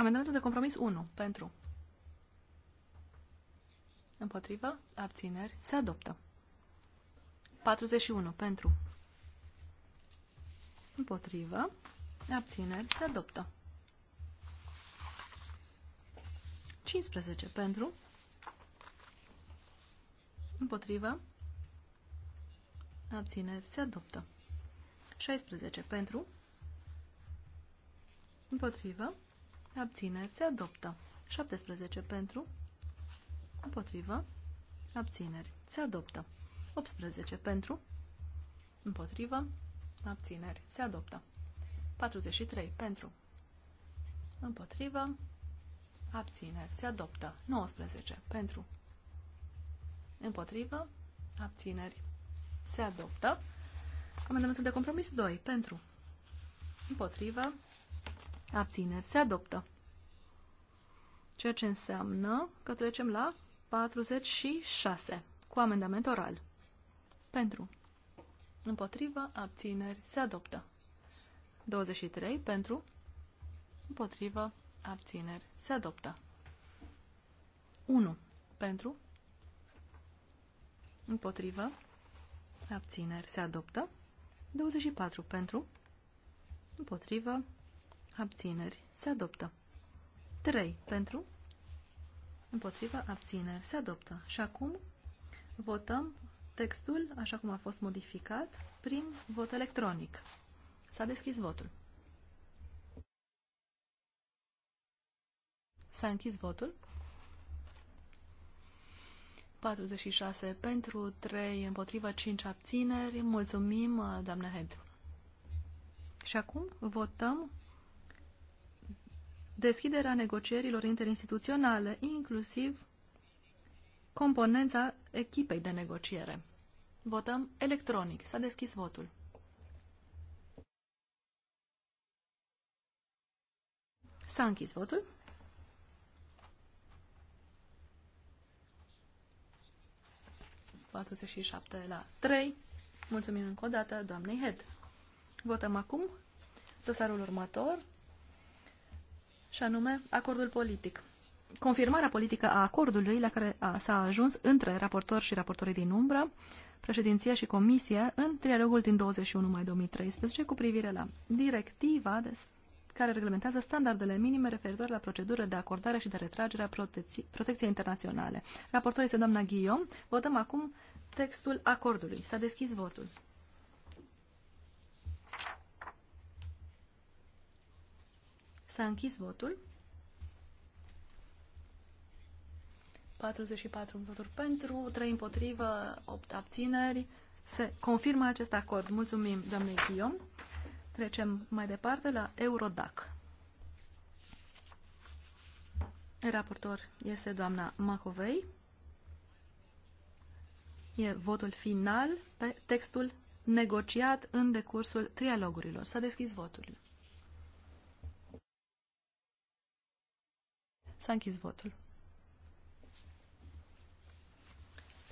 Amendamentul de compromis 1. Pentru. Împotrivă. Abțineri. Se adoptă. 41. Pentru. Împotrivă. Abțineri. Se adoptă. 15. Pentru. Împotrivă. Abțineri. Se adoptă. 16. Pentru. Împotrivă. Abțineri. Se adoptă. 17 pentru. Împotrivă. Abțineri. Se adoptă. 18 pentru. Împotrivă. Abțineri. Se adoptă. 43 pentru. Împotrivă. Abțineri. Se adoptă. 19 pentru. Împotrivă. Abțineri. Se adoptă. Amendamentul de compromis 2 pentru. Împotrivă abțineri, se adoptă. Ceea ce înseamnă că trecem la 46, cu amendament oral. Pentru. Împotrivă, abțineri, se adoptă. 23, pentru. Împotrivă, abțineri, se adoptă. 1. Pentru. Împotrivă, abțineri, se adoptă. 24, pentru. Împotrivă, abțineri, se adoptă. 3 pentru, împotriva abțineri, se adoptă. Și acum votăm textul, așa cum a fost modificat, prin vot electronic. S-a deschis votul. S-a închis votul. 46 pentru, 3 împotriva, 5 abțineri. Mulțumim, doamnă Head. Și acum votăm deschiderea negocierilor interinstituționale, inclusiv componența echipei de negociere. Votăm electronic. S-a deschis votul. S-a închis votul. la 3. Mulțumim încă o dată doamnei Head. Votăm acum dosarul următor, și anume acordul politic. Confirmarea politică a acordului la care s-a ajuns între raportor și raportorii din umbră, președinția și comisia în trialogul din 21 mai 2013 cu privire la directiva de care reglementează standardele minime referitor la procedură de acordare și de retragere a protecției protecție internaționale. Raportorii sunt doamna Guillaume. Votăm acum textul acordului. S-a deschis votul. S-a închis votul. 44 voturi pentru, 3 împotrivă, 8 abțineri. Se confirmă acest acord. Mulțumim, doamnei Guillaume. Trecem mai departe la Eurodac. Raportor este doamna Macovei. E votul final pe textul negociat în decursul trialogurilor. S-a deschis votul. S-a închis votul.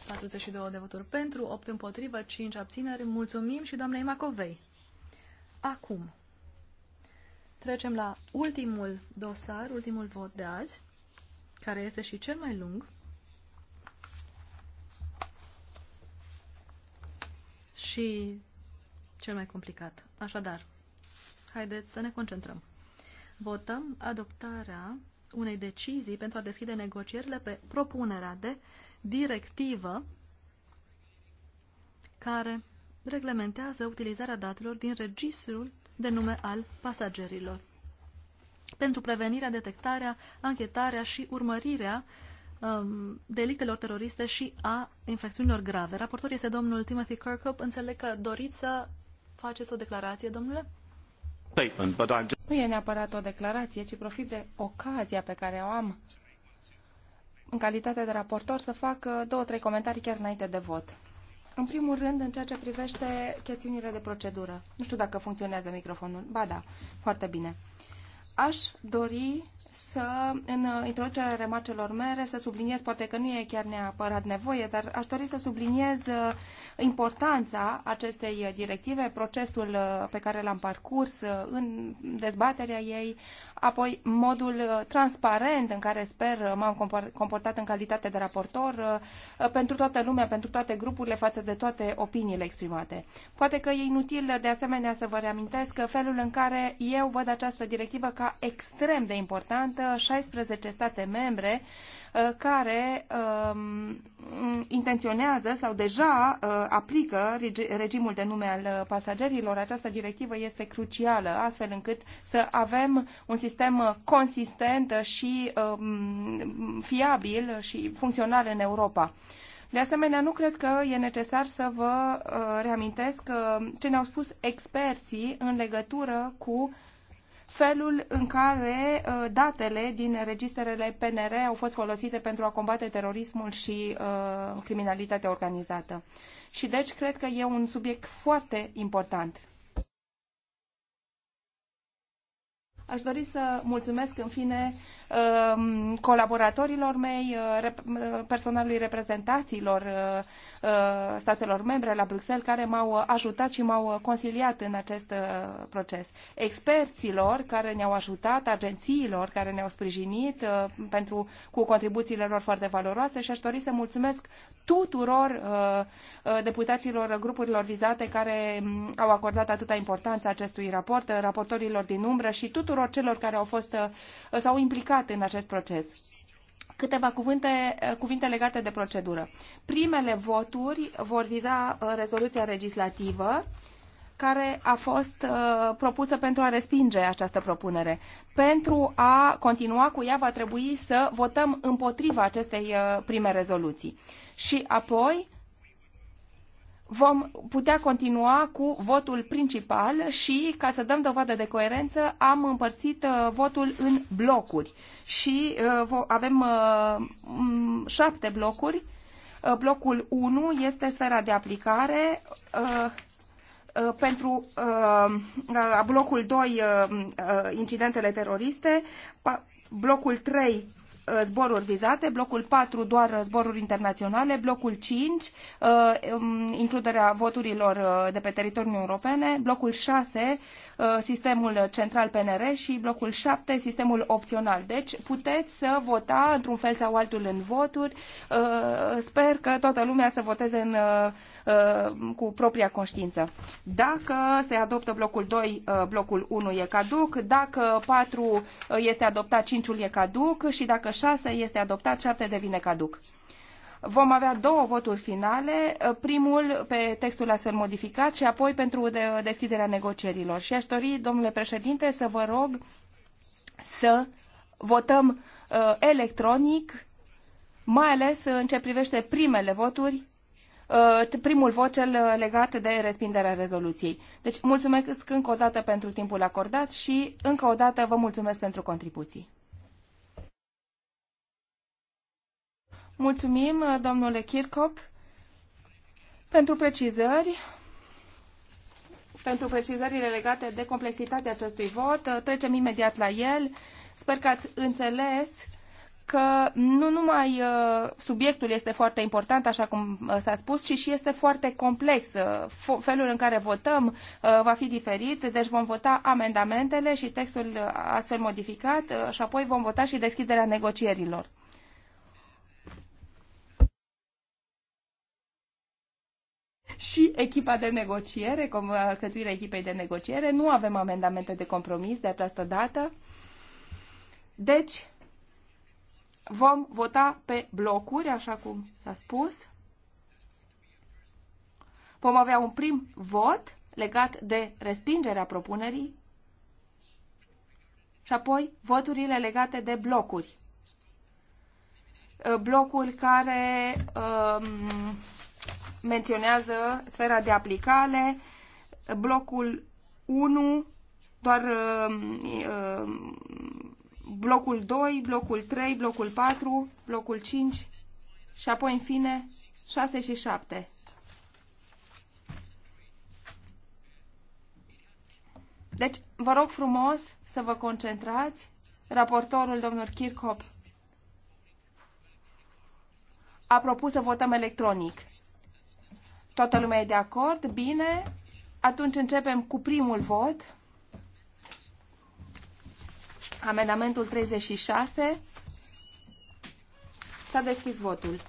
42 de voturi pentru, 8 împotrivă, 5 abțineri. Mulțumim și doamnei Macovei. Acum, trecem la ultimul dosar, ultimul vot de azi, care este și cel mai lung. Și cel mai complicat. Așadar, haideți să ne concentrăm. Votăm adoptarea unei decizii pentru a deschide negocierile pe propunerea de directivă care reglementează utilizarea datelor din registrul de nume al pasagerilor pentru prevenirea, detectarea, anchetarea și urmărirea um, delictelor teroriste și a infracțiunilor grave. Raportor este domnul Timothy Kirkup. Înțeleg că doriți să faceți o declarație, domnule? Nu e neapărat o declarație, ci profit de ocazia pe care o am în calitate de raportor să fac uh, două, trei comentarii chiar înainte de vot. În primul rând, în ceea ce privește chestiunile de procedură. Nu știu dacă funcționează microfonul. Ba da, foarte bine. Uh, aș dori să, în introducerea remarcelor mele, să subliniez, poate că nu e chiar neapărat nevoie, dar aș dori să subliniez uh, importanța acestei directive, procesul uh, pe care l-am parcurs uh, în dezbaterea ei, apoi modul uh, transparent în care sper uh, m-am comportat în calitate de raportor uh, pentru toată lumea, pentru toate grupurile, față de toate opiniile exprimate. Poate că e inutil de asemenea să vă reamintesc că felul în care eu văd această directivă ca extrem de importantă. 16 state membre Uh, care um, intenționează sau deja uh, aplică regimul de nume al uh, pasagerilor. Această directivă este crucială, astfel încât să avem un sistem consistent și um, fiabil și funcțional în Europa. De asemenea, nu cred că e necesar să vă reamintesc ce ne-au spus experții în legătură cu felul în care uh, datele din registrele PNR au fost folosite pentru a combate terorismul și uh, criminalitatea organizată. Și deci cred că e un subiect foarte important. Aș dori să mulțumesc în fine Um, colaboratorilor mei, uh, uh, personalului reprezentațiilor uh, statelor membre la Bruxelles care m-au ajutat și m-au consiliat în acest proces, experților care ne-au ajutat, agențiilor care ne-au sprijinit pentru, cu contribuțiile lor foarte valoroase și aș dori să mulțumesc tuturor deputaților grupurilor vizate care mm, au acordat atâta importanță acestui raport, raportorilor din umbră și tuturor celor care au fost, s-au implicat implicat în acest proces. Câteva cuvinte, eh, cuvinte legate de procedură. Primele voturi vor viza eh, rezoluția legislativă care a fost uh, propusă pentru a respinge această propunere. Pentru a continua cu ea va trebui să votăm împotriva acestei uh, prime rezoluții. Și apoi vom putea continua cu votul principal și, ca să dăm dovadă de coerență, am împărțit uh, votul în blocuri și uh, avem uh, șapte blocuri. Blocul 1 este sfera de aplicare pentru blocul 2 incidentele teroriste, blocul 3 Uh, zboruri vizate, blocul 4 doar zboruri internaționale, blocul 5 uh, um, includerea voturilor uh, de pe teritoriul europene, blocul 6 Uh, sistemul central PNR și blocul 7, sistemul opțional. Deci puteți să vota într-un fel sau altul în voturi. Uh, sper că toată lumea să voteze în, uh, cu propria conștiință. Dacă se adoptă blocul 2, blocul 1 e caduc, dacă 4 este adoptat, 5-ul e caduc și dacă 6 este adoptat, 7 devine caduc. Vom avea două voturi finale, uh, primul pe textul astfel modificat și apoi pentru uh, deschiderea negocierilor. Și aș dori, domnule președinte, să vă rog să votăm uh, electronic, mai ales în ce privește primele voturi, primul vot cel legat de respinderea rezoluției. Deci mulțumesc încă o dată pentru timpul acordat și încă o dată vă mulțumesc pentru contribuții. Mulțumim, uh, domnule Kirkop, pentru precizări pentru precizările legate de complexitatea acestui vot. Uh, trecem imediat la el. Sper că ați înțeles că nu numai uh, subiectul este foarte important, așa cum s-a spus, ci și este foarte complex. Felul în care votăm va fi diferit, deci vom vota amendamentele și textul astfel modificat și apoi vom vota și deschiderea negocierilor. și echipa de negociere, cum alcătuirea echipei de negociere. Nu avem amendamente de compromis de această dată. Deci, vom vota pe blocuri, așa cum s-a spus. Vom avea un prim vot legat de respingerea propunerii și apoi voturile legate de blocuri. Blocul care um, menționează sfera de aplicare, blocul 1, doar uh, uh, blocul 2, blocul 3, blocul 4, blocul 5 și apoi, în fine, 6 și 7. Deci, vă rog frumos să vă concentrați. Raportorul, domnul Kirchhoff, a propus să votăm electronic. Toată lumea e de acord? Bine. Atunci începem cu primul vot. Amendamentul 36. S-a deschis votul.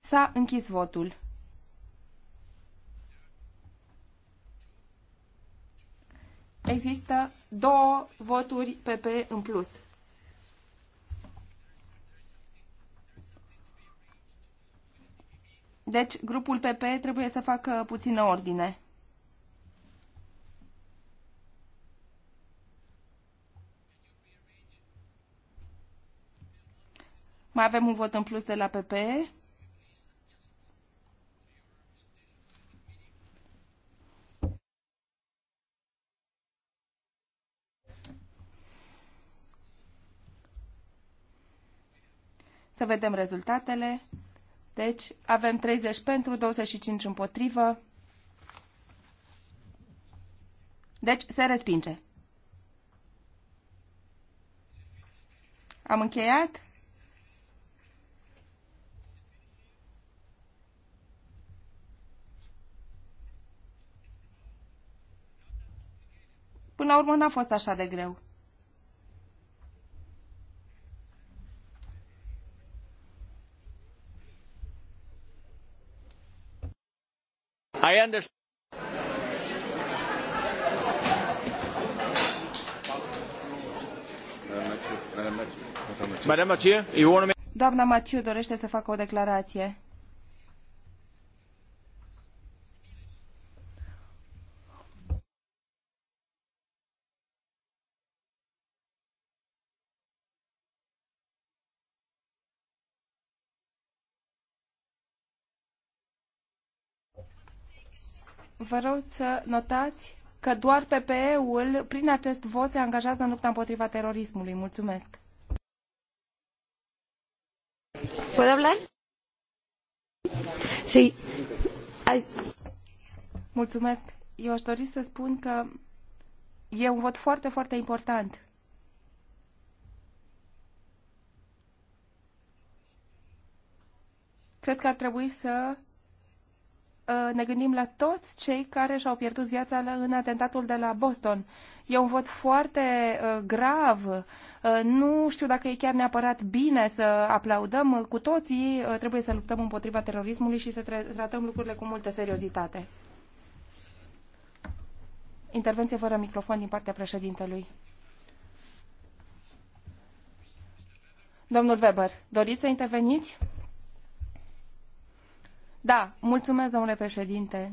S-a închis votul. Există două voturi PP în plus. Deci, grupul PP trebuie să facă puțină ordine. Mai avem un vot în plus de la PP. Să vedem rezultatele. Deci avem 30 pentru, 25 împotrivă. Deci se respinge. Am încheiat? Până la urmă n-a fost așa de greu. I understand. Doamna Mathieu dorește să facă o declarație. vă rog să notați că doar PPE-ul, prin acest vot, se angajează în lupta împotriva terorismului. Mulțumesc. ¿Puedo hablar? Sí. Ay. Mulțumesc. Eu aș dori să spun că e un vot foarte, foarte important. Cred că ar trebui să Uh, ne gândim la toți cei care și-au pierdut viața în atentatul de la Boston. E un vot foarte uh, grav. Uh, nu știu dacă e chiar neapărat bine să aplaudăm cu toții. Trebuie să luptăm împotriva terorismului și să tratăm lucrurile cu multă seriozitate. Intervenție fără microfon din partea președintelui. Domnul Weber, doriți să interveniți? Da, mulțumesc, domnule președinte.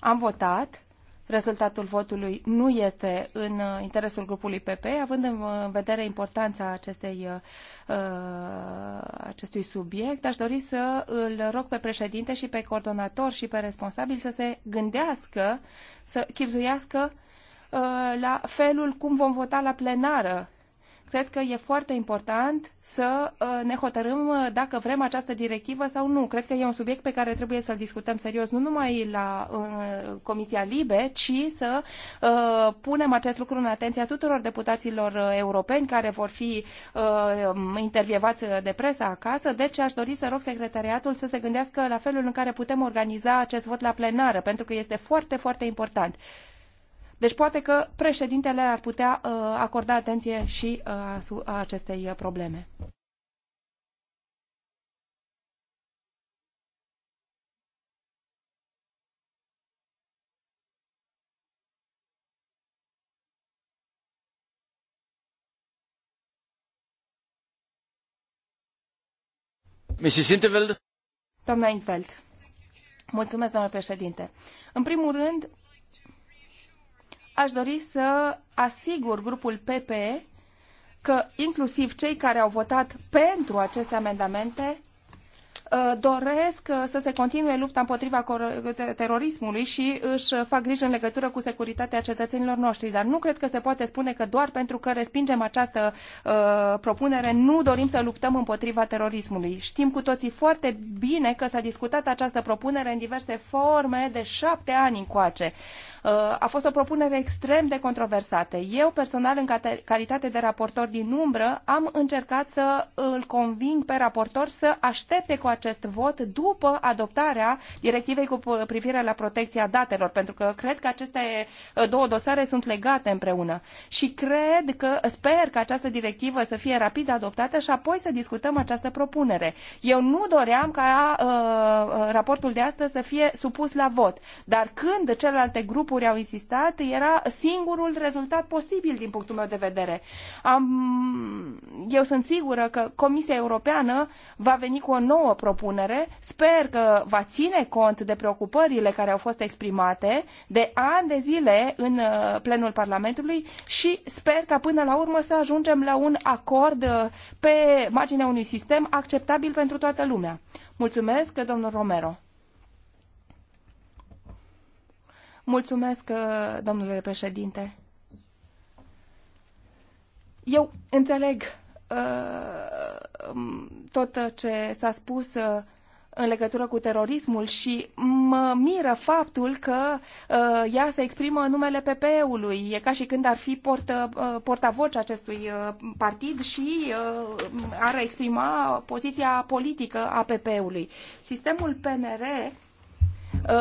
Am votat. Rezultatul votului nu este în uh, interesul grupului PP, având în uh, vedere importanța acestei, uh, acestui subiect. Aș dori să îl rog pe președinte și pe coordonator și pe responsabil să se gândească, să chipzuiască la felul cum vom vota la plenară cred că e foarte important să uh, ne hotărâm uh, dacă vrem această directivă sau nu. Cred că e un subiect pe care trebuie să-l discutăm serios, nu numai la uh, Comisia Libe, ci să punem acest lucru în atenția tuturor deputaților europeni care vor fi intervievați de presa acasă. Deci aș dori să rog secretariatul să se gândească la felul în care putem organiza acest vot la plenară, pentru că este foarte, foarte important. Deci poate că președintele ar putea uh, acorda atenție și uh, a acestei uh, probleme. Mrs. Interveld. Doamna Intveld. Mulțumesc, doamnă președinte. În primul rând, aș dori să asigur grupul PPE că inclusiv cei care au votat pentru aceste amendamente Uh, doresc uh, să se continue lupta împotriva terorismului și își uh, fac griji în legătură cu securitatea cetățenilor noștri. Dar nu cred că se poate spune că doar pentru că respingem această propunere nu dorim să luptăm împotriva terorismului. Știm cu toții foarte bine că s-a discutat această propunere în diverse forme de șapte ani încoace. a fost o propunere extrem de controversată. Eu personal, în calitate de raportor din umbră, am încercat să îl conving pe raportor să aștepte cu acest vot după adoptarea directivei cu privire la protecția datelor, pentru că cred că aceste uh, două dosare sunt legate împreună. Și cred că, sper că această directivă să fie rapid adoptată și apoi să discutăm această propunere. Eu nu doream ca uh, uh, raportul de astăzi să fie supus la vot, dar când celelalte grupuri au insistat, era singurul rezultat posibil din punctul meu de vedere. Am, eu sunt sigură că Comisia Europeană va veni cu o nouă propunere. Sper că va ține cont de preocupările care au fost exprimate de ani de zile în uh, plenul Parlamentului și sper ca până la urmă să ajungem la un acord uh, pe marginea unui sistem acceptabil pentru toată lumea. Mulțumesc, domnul Romero. Mulțumesc, uh, domnule președinte. Eu înțeleg Uh, tot ce s-a spus uh, în legătură cu terorismul și mă miră faptul că uh, ea se exprimă numele PPE-ului. E ca și când ar fi portă, uh, portavoce acestui uh, partid și uh, ar exprima poziția politică a PPE-ului. Sistemul PNR Uh,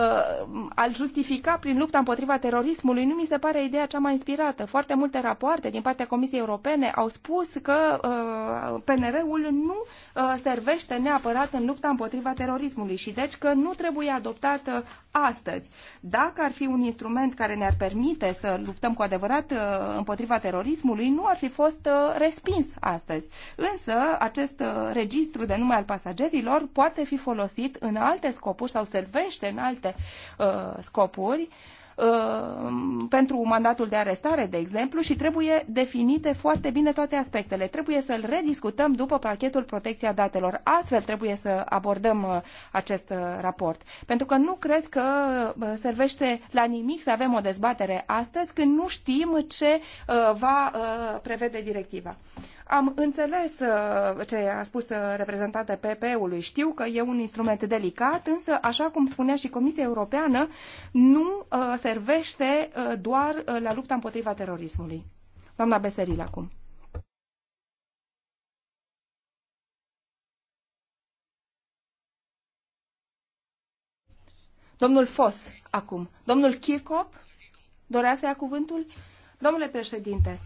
a-l justifica prin lupta împotriva terorismului, nu mi se pare ideea cea mai inspirată. Foarte multe rapoarte din partea Comisiei Europene au spus că uh, PNR-ul nu uh, servește neapărat în lupta împotriva terorismului și deci că nu trebuie adoptată astăzi. Dacă ar fi un instrument care ne-ar permite să luptăm cu adevărat uh, împotriva terorismului, nu ar fi fost uh, respins astăzi. Însă, acest uh, registru de nume al pasagerilor poate fi folosit în alte scopuri sau servește în alte uh, scopuri uh, Uh, pentru mandatul de arestare, de exemplu, și trebuie definite foarte bine toate aspectele. Trebuie să-l rediscutăm după pachetul protecția datelor. Astfel trebuie să abordăm uh, acest uh, raport. Pentru că nu cred că servește la nimic să avem o dezbatere astăzi când nu știm ce va prevede directiva. Am înțeles uh, ce a spus uh, reprezentanta PP-ului. Știu că e un instrument delicat, însă, așa cum spunea și Comisia Europeană, nu uh, servește doar la lupta împotriva terorismului. Doamna Beseril acum. Domnul Fos, acum. Domnul Kirkop dorea să ia cuvântul? Domnule președinte,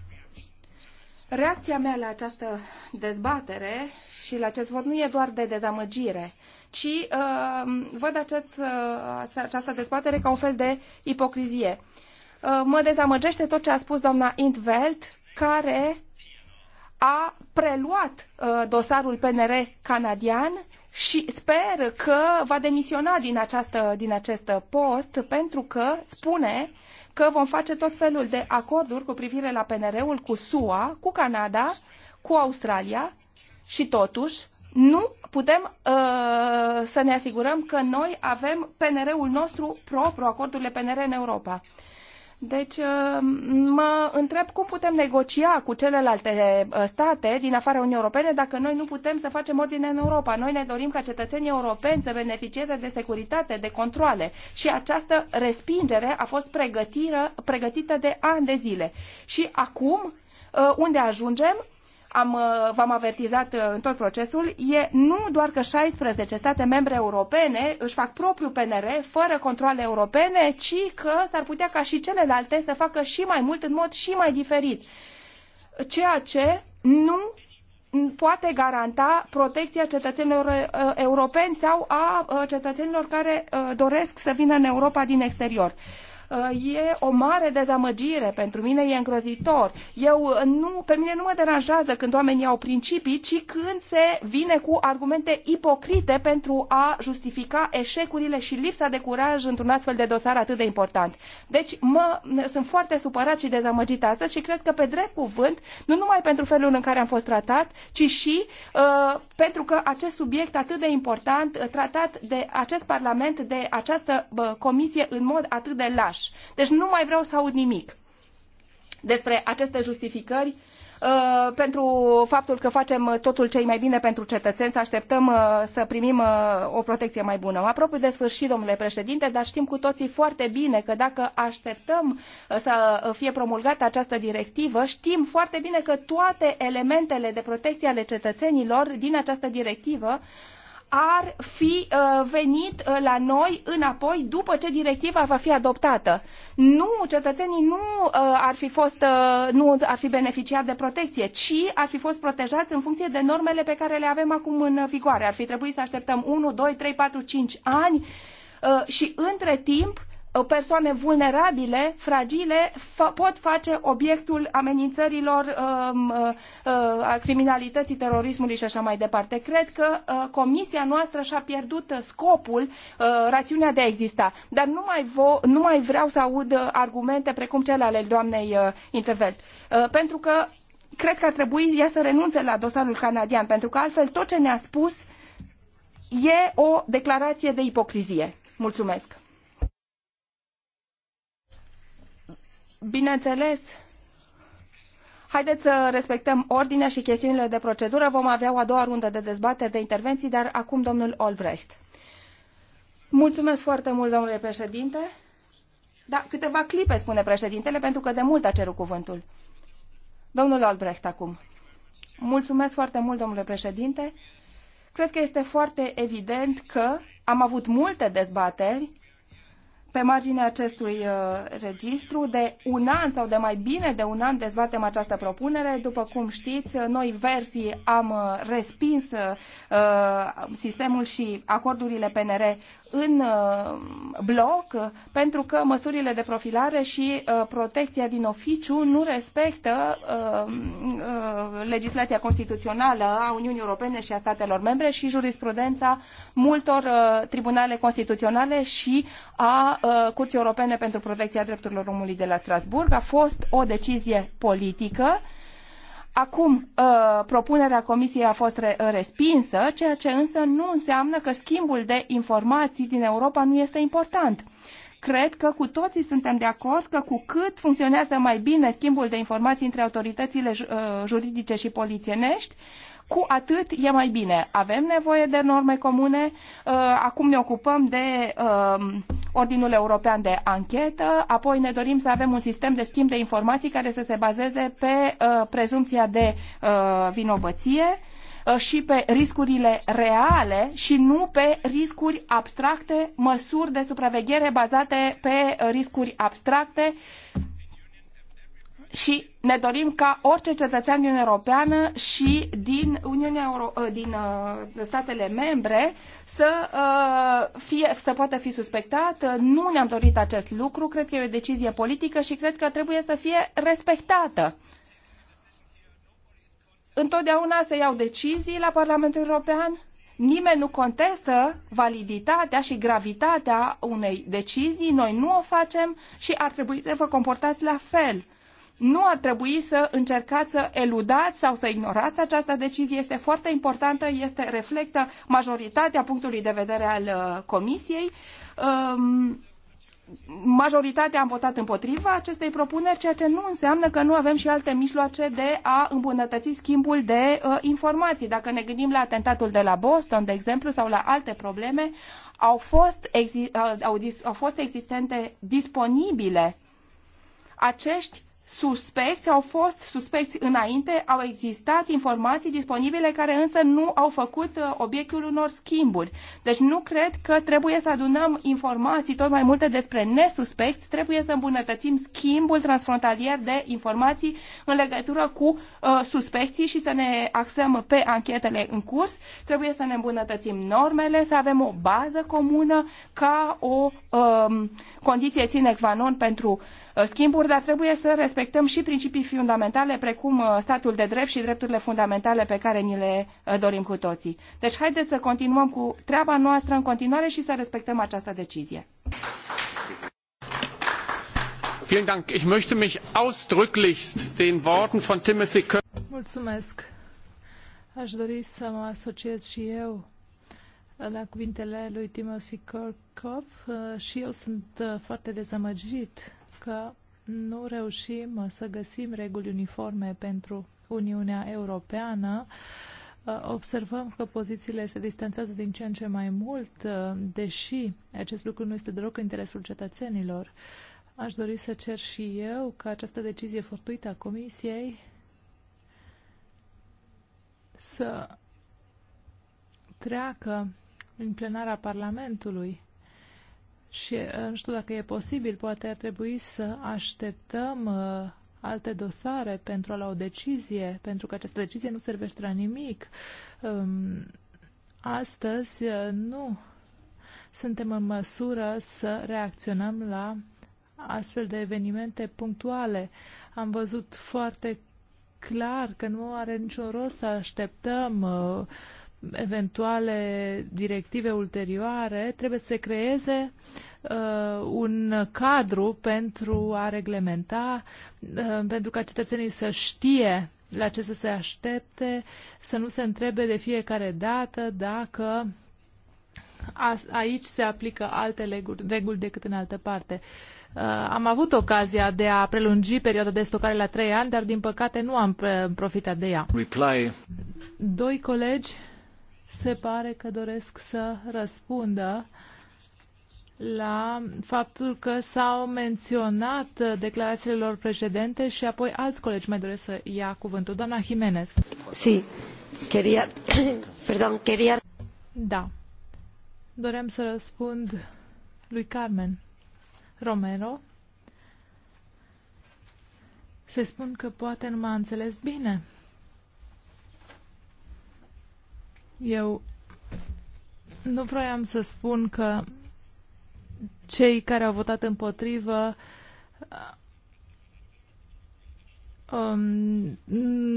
Reacția mea la această dezbatere și la acest vot nu e doar de dezamăgire, ci uh, văd acest, uh, această dezbatere ca un fel de ipocrizie. Uh, mă dezamăgește tot ce a spus doamna Intveld, care a preluat uh, dosarul PNR canadian și sper că va demisiona din, această, din acest post pentru că spune uh, că vom face tot felul de acorduri cu privire la PNR-ul cu SUA, cu Canada, cu Australia și totuși nu putem uh, să ne asigurăm că noi avem PNR-ul nostru propriu, acordurile PNR în Europa. Deci uh, mă întreb cum putem negocia cu celelalte uh, state din afara Uniunii Europene dacă noi nu putem să facem ordine în Europa. Noi ne dorim ca cetățenii europeni să beneficieze de securitate, de controle și această respingere a fost pregătită de ani de zile. Și acum, uh, unde ajungem? am, uh, v-am avertizat uh, în tot procesul, e nu doar că 16 state membre europene își fac propriul PNR fără controle europene, ci că s-ar putea ca și celelalte să facă și mai mult în mod și mai diferit. Ceea ce nu poate garanta protecția cetățenilor uh, europeni sau a cetățenilor care doresc să vină în Europa din exterior. Uh, e o mare dezamăgire, pentru mine e îngrozitor. Eu uh, nu, pe mine nu mă deranjează când oamenii au principii, ci când se vine cu argumente ipocrite pentru a justifica eșecurile și lipsa de curaj într-un astfel de dosar atât de important. Deci mă, sunt foarte supărat și dezamăgit astăzi și cred că pe drept cuvânt, nu numai pentru felul în care am fost tratat, ci și uh, pentru că acest subiect atât de important, uh, tratat de acest Parlament, de această uh, comisie în mod atât de laș oraș. Deci nu mai vreau să aud nimic despre aceste justificări uh, pentru faptul că facem totul ce mai bine pentru cetățeni, să așteptăm uh, să primim uh, o protecție mai bună. Mă apropiu de sfârșit, domnule președinte, dar știm cu toții foarte bine că dacă așteptăm să fie promulgată această directivă, știm foarte bine că toate elementele de protecție ale cetățenilor din această directivă ar fi uh, venit uh, la noi înapoi după ce directiva va fi adoptată. Nu, cetățenii nu uh, ar fi fost, nu ar fi beneficiat de protecție, ci ar fi fost protejați în funcție de normele pe care le avem acum în vigoare. Ar fi trebuit să așteptăm 1, 2, 3, 4, 5 ani și între timp persoane vulnerabile, fragile, fa pot face obiectul amenințărilor um, uh, uh, a criminalității, terorismului și așa mai departe. Cred că uh, comisia noastră și-a pierdut uh, scopul, uh, rațiunea de a exista. Dar nu mai, nu mai vreau să aud uh, argumente precum cele ale doamnei uh, Intervelt. Uh, pentru că cred că ar trebui ea să renunțe la dosarul canadian, pentru că altfel tot ce ne-a spus e o declarație de ipocrizie. Mulțumesc! Bineînțeles, haideți să respectăm ordinea și chestiunile de procedură. Vom avea o a doua rundă de dezbateri de intervenții, dar acum domnul Olbrecht. Mulțumesc foarte mult, domnule președinte. Da, câteva clipe, spune președintele, pentru că de mult a cerut cuvântul. Domnul Albrecht, acum. Mulțumesc foarte mult, domnule președinte. Cred că este foarte evident că am avut multe dezbateri pe marginea acestui uh, registru, de un an sau de mai bine de un an dezbatem această propunere. După cum știți, uh, noi versii am uh, respins sistemul și acordurile PNR în uh, bloc pentru că măsurile de profilare și uh, protecția din oficiu nu respectă uh, legislația constituțională a Uniunii Europene și a statelor membre și jurisprudența multor tribunale constituționale și a Curții Europene pentru Protecția Drepturilor Omului de la Strasbourg A fost o decizie politică Acum, uh, propunerea Comisiei a fost respinsă, ceea ce însă nu înseamnă că schimbul de informații din Europa nu este important cred că cu toții suntem de acord că cu cât funcționează mai bine schimbul de informații între autoritățile uh, juridice și polițienești, cu atât e mai bine. Avem nevoie de norme comune, uh, acum ne ocupăm de uh, Ordinul European de Anchetă, apoi ne dorim să avem un sistem de schimb de informații care să se bazeze pe uh, prezumția de vinovăție și pe riscurile reale și nu pe riscuri abstracte, măsuri de supraveghere bazate pe riscuri abstracte și ne dorim ca orice cetățean din Europeană și din Uniunea Euro- ă, din ă, statele membre să, ă, fie, să poată fi suspectat. Nu ne-am dorit acest lucru, cred că e o decizie politică și cred că trebuie să fie respectată. Întotdeauna se iau decizii la Parlamentul European, Nimeni nu contestă validitatea și gravitatea unei decizii, noi nu o facem și ar trebui să vă comportați la fel nu ar trebui să încercați să eludați sau să ignorați această decizie. Este foarte importantă, este reflectă majoritatea punctului de vedere al uh, Comisiei. Um, majoritatea am votat împotriva acestei propuneri, ceea ce nu înseamnă că nu avem și alte mijloace de a îmbunătăți schimbul de uh, informații. Dacă ne gândim la atentatul de la Boston, de exemplu, sau la alte probleme, au fost, exi- uh, au, au, au fost existente disponibile acești suspecți, au fost suspecți înainte, au existat informații disponibile care însă nu au făcut uh, obiectul unor schimburi. Deci nu cred că trebuie să adunăm informații tot mai multe despre nesuspecți, trebuie să îmbunătățim schimbul transfrontalier de informații în legătură cu uh, suspecții și să ne axăm pe anchetele în curs, trebuie să ne îmbunătățim normele, să avem o bază comună ca o uh, condiție sine qua non pentru uh, Uh, schimburi, dar trebuie să respectăm și principii fundamentale precum uh, statul de drept și drepturile fundamentale pe care ni le uh, dorim cu toții. Deci haideți să continuăm cu treaba noastră în continuare și să respectăm această decizie. Vielen Dank. Ich möchte mich ausdrücklichst den Worten von Timothy Mulțumesc. Aș dori să mă asociez și eu la cuvintele lui Timothy Kirkhoff și eu sunt foarte dezamăgit că nu reușim să găsim reguli uniforme pentru Uniunea Europeană. Uh, observăm că pozițiile se distanțează din ce în ce mai mult, uh, deși acest lucru nu este deloc în interesul cetățenilor. Aș dori să cer și eu ca această decizie fortuită a Comisiei să treacă în plenara Parlamentului și uh, nu știu dacă e posibil, poate ar trebui să așteptăm uh, alte dosare pentru a lua o decizie, pentru că această decizie nu servește la nimic. Um, astăzi uh, nu suntem în măsură să reacționăm la astfel de evenimente punctuale. Am văzut foarte clar că nu are niciun rost să așteptăm uh, eventuale directive ulterioare, trebuie să se creeze uh, un cadru pentru a reglementa, uh, pentru ca cetățenii să știe la ce să se aștepte, să nu se întrebe de fiecare dată dacă aici se aplică alte leguri, reguli decât în altă parte. Uh, am avut ocazia de a prelungi perioada de stocare la trei ani, dar din păcate nu am uh, profitat de ea. Reply. Doi colegi se pare că doresc să răspundă la faptul că s-au menționat declarațiile lor precedente și apoi alți colegi mai doresc să ia cuvântul. Doamna Jimenez. Si, queria, Perdón, queria... Da. Doream să răspund lui Carmen Romero. Se spun că poate nu m-a înțeles bine. Eu nu vroiam să spun că cei care au votat împotrivă Um,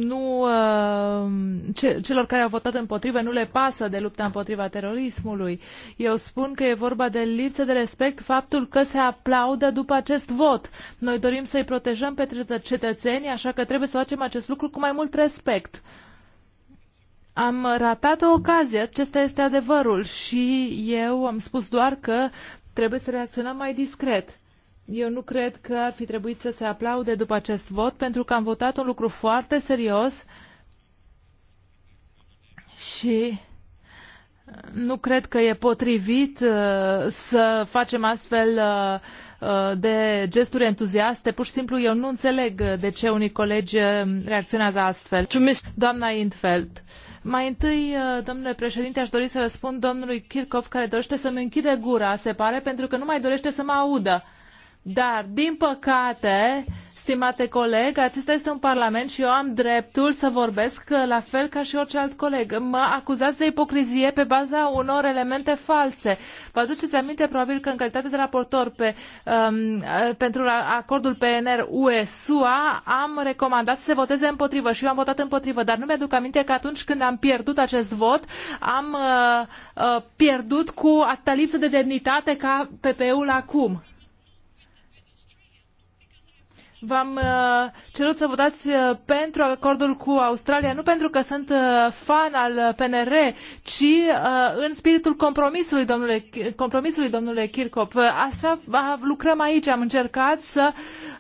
nu, uh, ce, celor care au votat împotrivă nu le pasă de lupta împotriva terorismului. Eu spun că e vorba de lipsă de respect faptul că se aplaudă după acest vot. Noi dorim să-i protejăm pe cetățenii, așa că trebuie să facem acest lucru cu mai mult respect. Uh, am ratat o ocazie, acesta este adevărul și eu am spus doar că trebuie să reacționăm mai discret. Eu nu cred că ar fi trebuit să se aplaude după acest vot pentru că am votat un lucru foarte serios și nu cred că e potrivit uh, să facem astfel uh, uh de gesturi entuziaste. Pur și simplu eu nu înțeleg uh, de ce unii colegi uh, reacționează astfel. Doamna Intfeld, mai întâi, uh, domnule președinte, aș dori să răspund domnului Kirchhoff, care dorește să-mi închide gura, se pare, pentru că nu mai dorește să mă audă. Dar, din păcate, stimate coleg, acesta este un parlament și eu am dreptul să vorbesc la fel ca și orice alt coleg. Mă acuzați de ipocrizie pe baza unor elemente false. Vă aduceți aminte probabil că în calitate de raportor pe, um, pentru acordul PNR-USUA am recomandat să se voteze împotrivă și eu am votat împotrivă, dar nu mi-aduc aminte că atunci când am pierdut acest vot, am uh, uh, pierdut cu atâta lipsă de demnitate ca PP-ul acum. V-am uh, cerut să votați uh, pentru acordul cu Australia, nu pentru că sunt uh, fan al PNR, ci în spiritul compromisului, domnule, compromisului, domnule Kirchhoff. Așa lucrăm aici. Am încercat să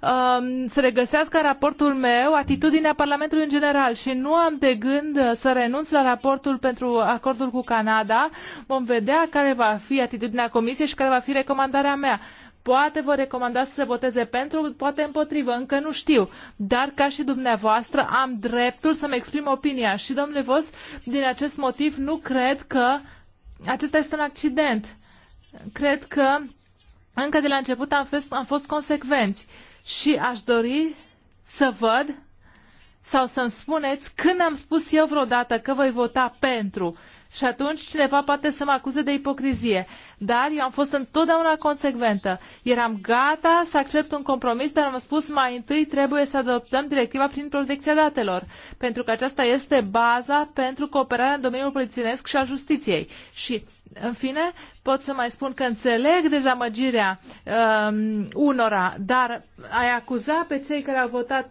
um, se regăsească în raportul meu atitudinea Parlamentului în general și nu am de gând să renunț la raportul pentru acordul cu Canada. Vom vedea care va fi atitudinea Comisiei și care va fi recomandarea mea. Poate vă recomandați să se voteze pentru, poate împotrivă, încă nu știu. Dar ca și dumneavoastră am dreptul să-mi exprim opinia. Și domnule Vos, din acest motiv nu cred că acesta este un accident. Cred că încă de la început am fost, am fost consecvenți și aș dori să văd sau să-mi spuneți când am spus eu vreodată că voi vota pentru. Și atunci cineva poate să mă acuze de ipocrizie. Dar eu am fost întotdeauna consecventă. Eram gata să accept un compromis, dar am spus mai întâi trebuie să adoptăm directiva prin protecția datelor, pentru că aceasta este baza pentru cooperarea în domeniul polițienesc și al justiției. Și în fine, pot să mai spun că înțeleg dezamăgirea um, unora, dar ai acuza pe cei care au votat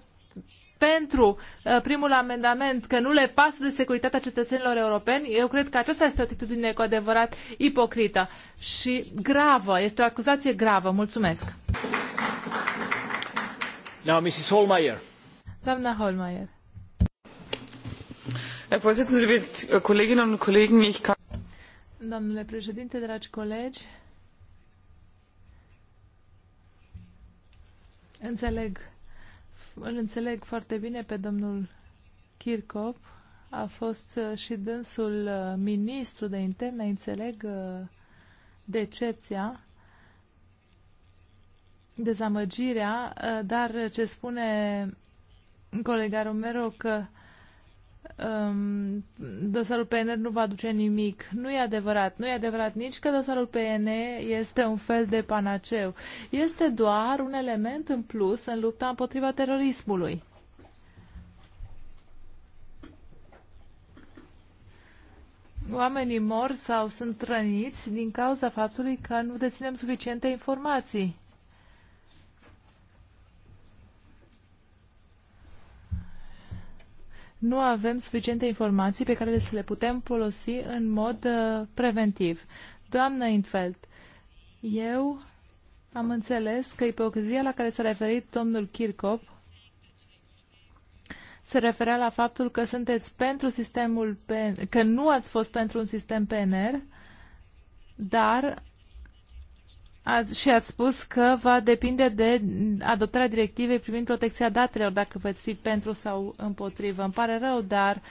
pentru uh, primul amendament că nu le pasă de securitatea cetățenilor europeni, eu cred că aceasta este o atitudine cu adevărat ipocrită și gravă, este o acuzație gravă. Mulțumesc. Now, Mrs. Holmeyer. Doamna Holmeyer. Herr Vorsitzender, liebe Kolleginnen und Kollegen, ich kann... Domnule președinte, dragi colegi, înțeleg îl înțeleg foarte bine pe domnul Kirchhoff. A fost uh, și dânsul uh, ministru de interne, înțeleg uh, decepția, dezamăgirea, dar ce spune colega Romero că um, dosarul PNR nu va aduce nimic. Nu e adevărat. Nu e adevărat nici că dosarul PNR este un fel de panaceu. Este doar un element în plus în lupta împotriva terorismului. Oamenii mor sau sunt răniți din cauza faptului că nu deținem suficiente informații. nu avem suficiente informații pe care să le putem folosi în mod uh, preventiv. Doamnă Infeld, eu am înțeles că ipocrizia la care s-a referit domnul Kirchhoff se referea la faptul că sunteți pentru sistemul PNR, că nu ați fost pentru un sistem PNR, dar a, și ați spus că va depinde de adoptarea directivei privind protecția datelor, dacă veți fi pentru sau împotrivă. Îmi pare rău, dar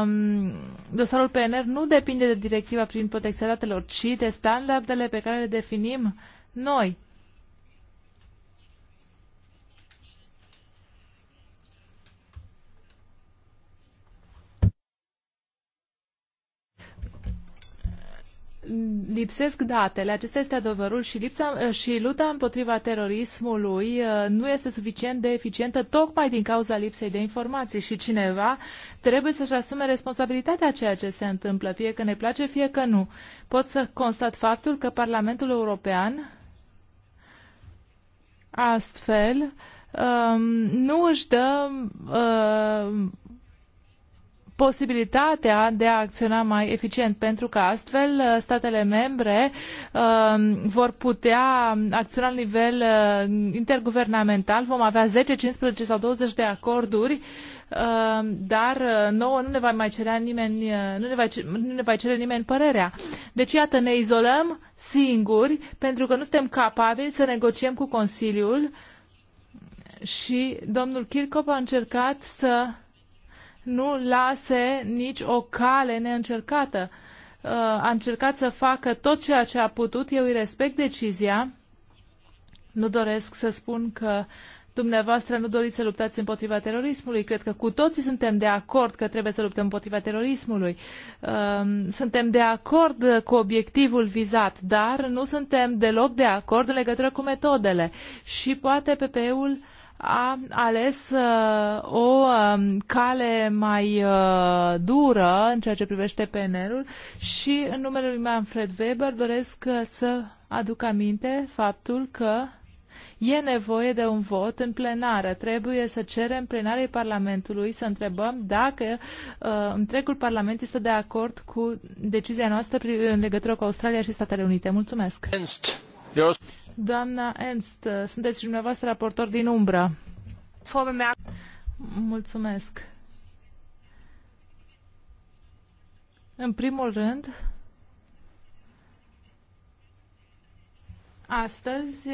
um, dosarul PNR nu depinde de directiva privind protecția datelor, ci de standardele pe care le definim noi. lipsesc datele, acesta este adevărul și, lipsa, și lupta împotriva terorismului uh, nu este suficient de eficientă tocmai din cauza lipsei de informații și cineva trebuie să-și asume responsabilitatea ceea ce se întâmplă, fie că ne place, fie că nu. Pot să constat faptul că Parlamentul European astfel um, nu își dă uh, posibilitatea de a acționa mai eficient, pentru că astfel uh, statele membre um, vor putea acționa la nivel uh, interguvernamental. Vom avea 10, 15 sau 20 de acorduri um, dar uh, nouă nu ne va mai cerea nimeni, nu ne, va, nu ne va cere nimeni părerea. Deci, iată, ne izolăm singuri pentru că nu suntem capabili să negociem cu Consiliul și domnul Kirkop a încercat să nu lase nici o cale neîncercată. Uh, a încercat să facă tot ceea ce a putut, eu îi respect decizia. Nu doresc să spun că dumneavoastră nu doriți să luptați împotriva terorismului. Cred că cu toții suntem de acord că trebuie să luptăm împotriva terorismului. Um, suntem de acord cu obiectivul vizat, dar nu suntem deloc de acord în legătură cu metodele. Și poate PPE-ul uh, a ales uh, o um, cale mai uh, dură în ceea ce privește PNR-ul și în numele lui Manfred Weber doresc uh, să aduc aminte faptul că e nevoie de un vot în plenară. Trebuie să cerem plenarei Parlamentului să întrebăm dacă uh, întregul Parlament este de acord cu decizia noastră în legătură cu Australia și Statele Unite. Mulțumesc! Doamna Ernst, sunteți și dumneavoastră raportor din umbră. Mulțumesc. În primul rând, astăzi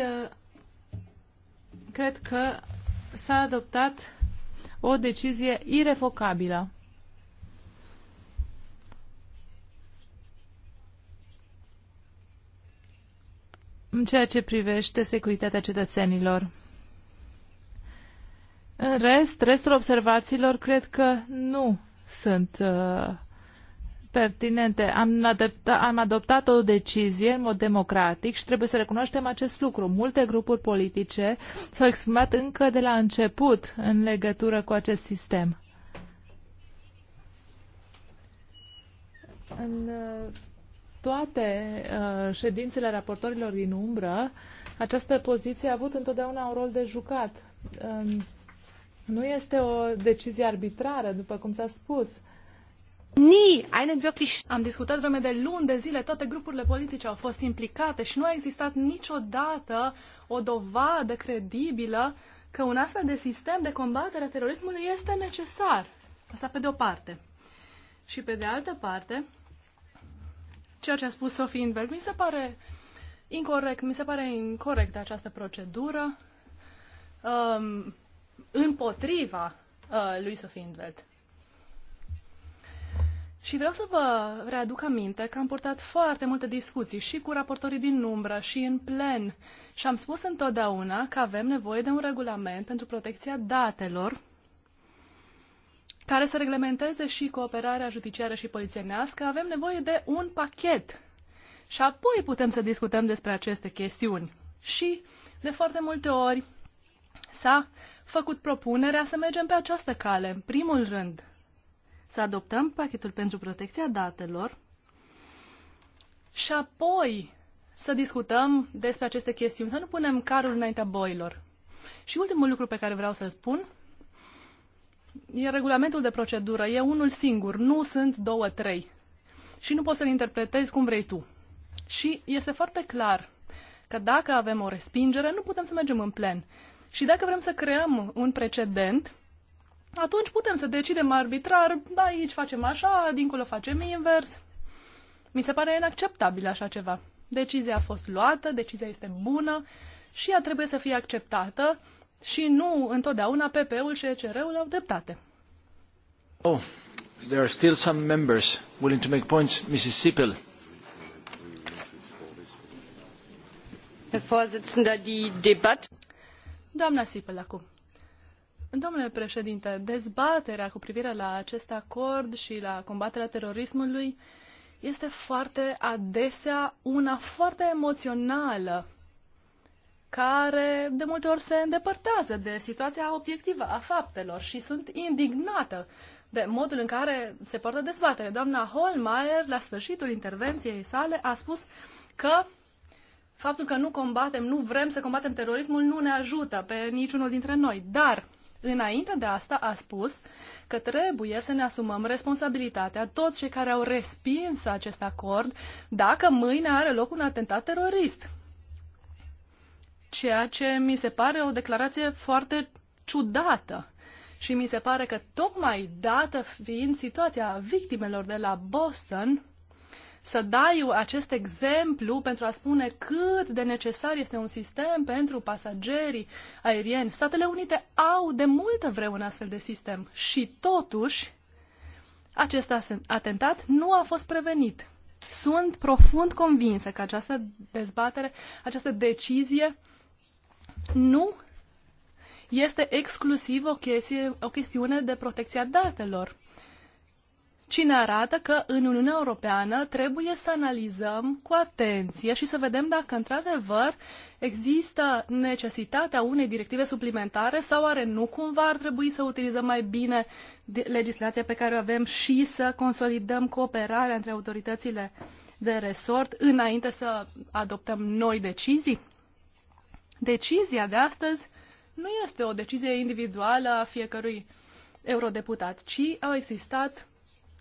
cred că s-a adoptat o decizie irefocabilă în ceea ce privește securitatea cetățenilor. În rest, restul observațiilor cred că nu sunt uh, pertinente. Am, adepta, am adoptat o decizie în mod democratic și trebuie să recunoaștem acest lucru. Multe grupuri politice s-au exprimat încă de la început în legătură cu acest sistem. În, uh toate uh, ședințele raportorilor din umbră, această poziție a avut întotdeauna un rol de jucat. Uh, nu este o decizie arbitrară, după cum s-a spus. Ni, einen wirklich... Am discutat vreme de luni de zile, toate grupurile politice au fost implicate și nu a existat niciodată o dovadă credibilă că un astfel de sistem de combatere a terorismului este necesar. Asta pe de o parte. Și pe de altă parte, ceea ce a spus Sophie Inberg. Mi se pare incorrect, mi se pare incorrect această procedură um, împotriva uh, lui Sophie Inberg. Și vreau să vă readuc aminte că am purtat foarte multe discuții și cu raportorii din umbră și în plen și am spus întotdeauna că avem nevoie de un regulament pentru protecția datelor care să reglementeze și cooperarea judiciară și polițienească, avem nevoie de un pachet. Și apoi putem să discutăm despre aceste chestiuni. Și, de foarte multe ori, s-a făcut propunerea să mergem pe această cale. În primul rând, să adoptăm pachetul pentru protecția datelor și apoi să discutăm despre aceste chestiuni, să nu punem carul înaintea boilor. Și ultimul lucru pe care vreau să-l spun e regulamentul de procedură, e unul singur, nu sunt două, trei. Și nu poți să-l interpretezi cum vrei tu. Și este foarte clar că dacă avem o respingere, nu putem să mergem în plen. Și dacă vrem să creăm un precedent, atunci putem să decidem arbitrar, da, aici facem așa, dincolo facem invers. Mi se pare inacceptabil așa ceva. Decizia a fost luată, decizia este bună și ea trebuie să fie acceptată și nu întotdeauna PP-ul și ECR-ul au dreptate. Oh, there are still some members willing to make points. Mrs. Sippel. Doamna Sipel, acum. Domnule președinte, dezbaterea cu privire la acest acord și la combaterea terorismului este foarte adesea una foarte emoțională care de multe ori se îndepărtează de situația obiectivă a faptelor și sunt indignată de modul în care se poartă dezbatere. Doamna Holmeier, la sfârșitul intervenției sale, a spus că faptul că nu combatem, nu vrem să combatem terorismul, nu ne ajută pe niciunul dintre noi. Dar, înainte de asta, a spus că trebuie să ne asumăm responsabilitatea toți cei care au respins acest acord dacă mâine are loc un atentat terorist ceea ce mi se pare o declarație foarte ciudată. Și mi se pare că tocmai dată fiind situația victimelor de la Boston, să dai acest exemplu pentru a spune cât de necesar este un sistem pentru pasagerii aerieni. Statele Unite au de multă vreme un astfel de sistem și totuși acest atentat nu a fost prevenit. Sunt profund convinsă că această dezbatere, această decizie nu este exclusiv o, chestie, o chestiune de protecția datelor, cine arată că în Uniunea Europeană trebuie să analizăm cu atenție și să vedem dacă într-adevăr există necesitatea unei directive suplimentare sau are nu cumva ar trebui să utilizăm mai bine legislația pe care o avem și să consolidăm cooperarea între autoritățile de resort înainte să adoptăm noi decizii? decizia de astăzi nu este o decizie individuală a fiecărui eurodeputat, ci au existat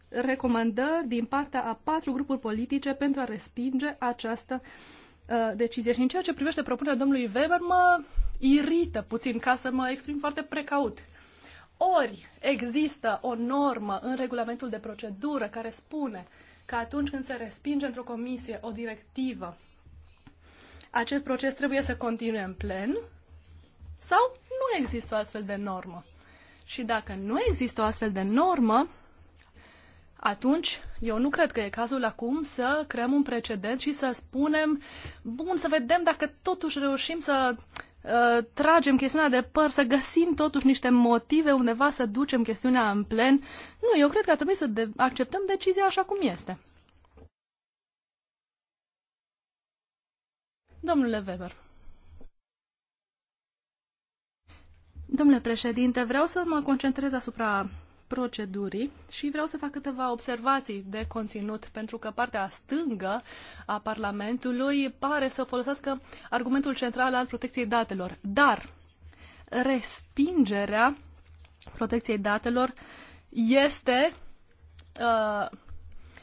recomandări din partea a patru grupuri politice pentru a respinge această uh, decizie. Și în ceea ce privește propunerea domnului Weber, mă irită puțin, ca să mă exprim foarte precaut. Ori există o normă în regulamentul de procedură care spune că atunci când se respinge într-o comisie o directivă acest proces trebuie să continue în plen sau nu există o astfel de normă. Și dacă nu există o astfel de normă, atunci eu nu cred că e cazul acum să creăm un precedent și să spunem, bun, să vedem dacă totuși reușim să uh, tragem chestiunea de păr, să găsim totuși niște motive undeva să ducem chestiunea în plen. Nu, eu cred că ar trebui să de- acceptăm decizia așa cum este. Domnule Weber. Domnule președinte, vreau să mă concentrez asupra procedurii și vreau să fac câteva observații de conținut, pentru că partea stângă a Parlamentului pare să folosească argumentul central al protecției datelor, dar respingerea protecției datelor este uh,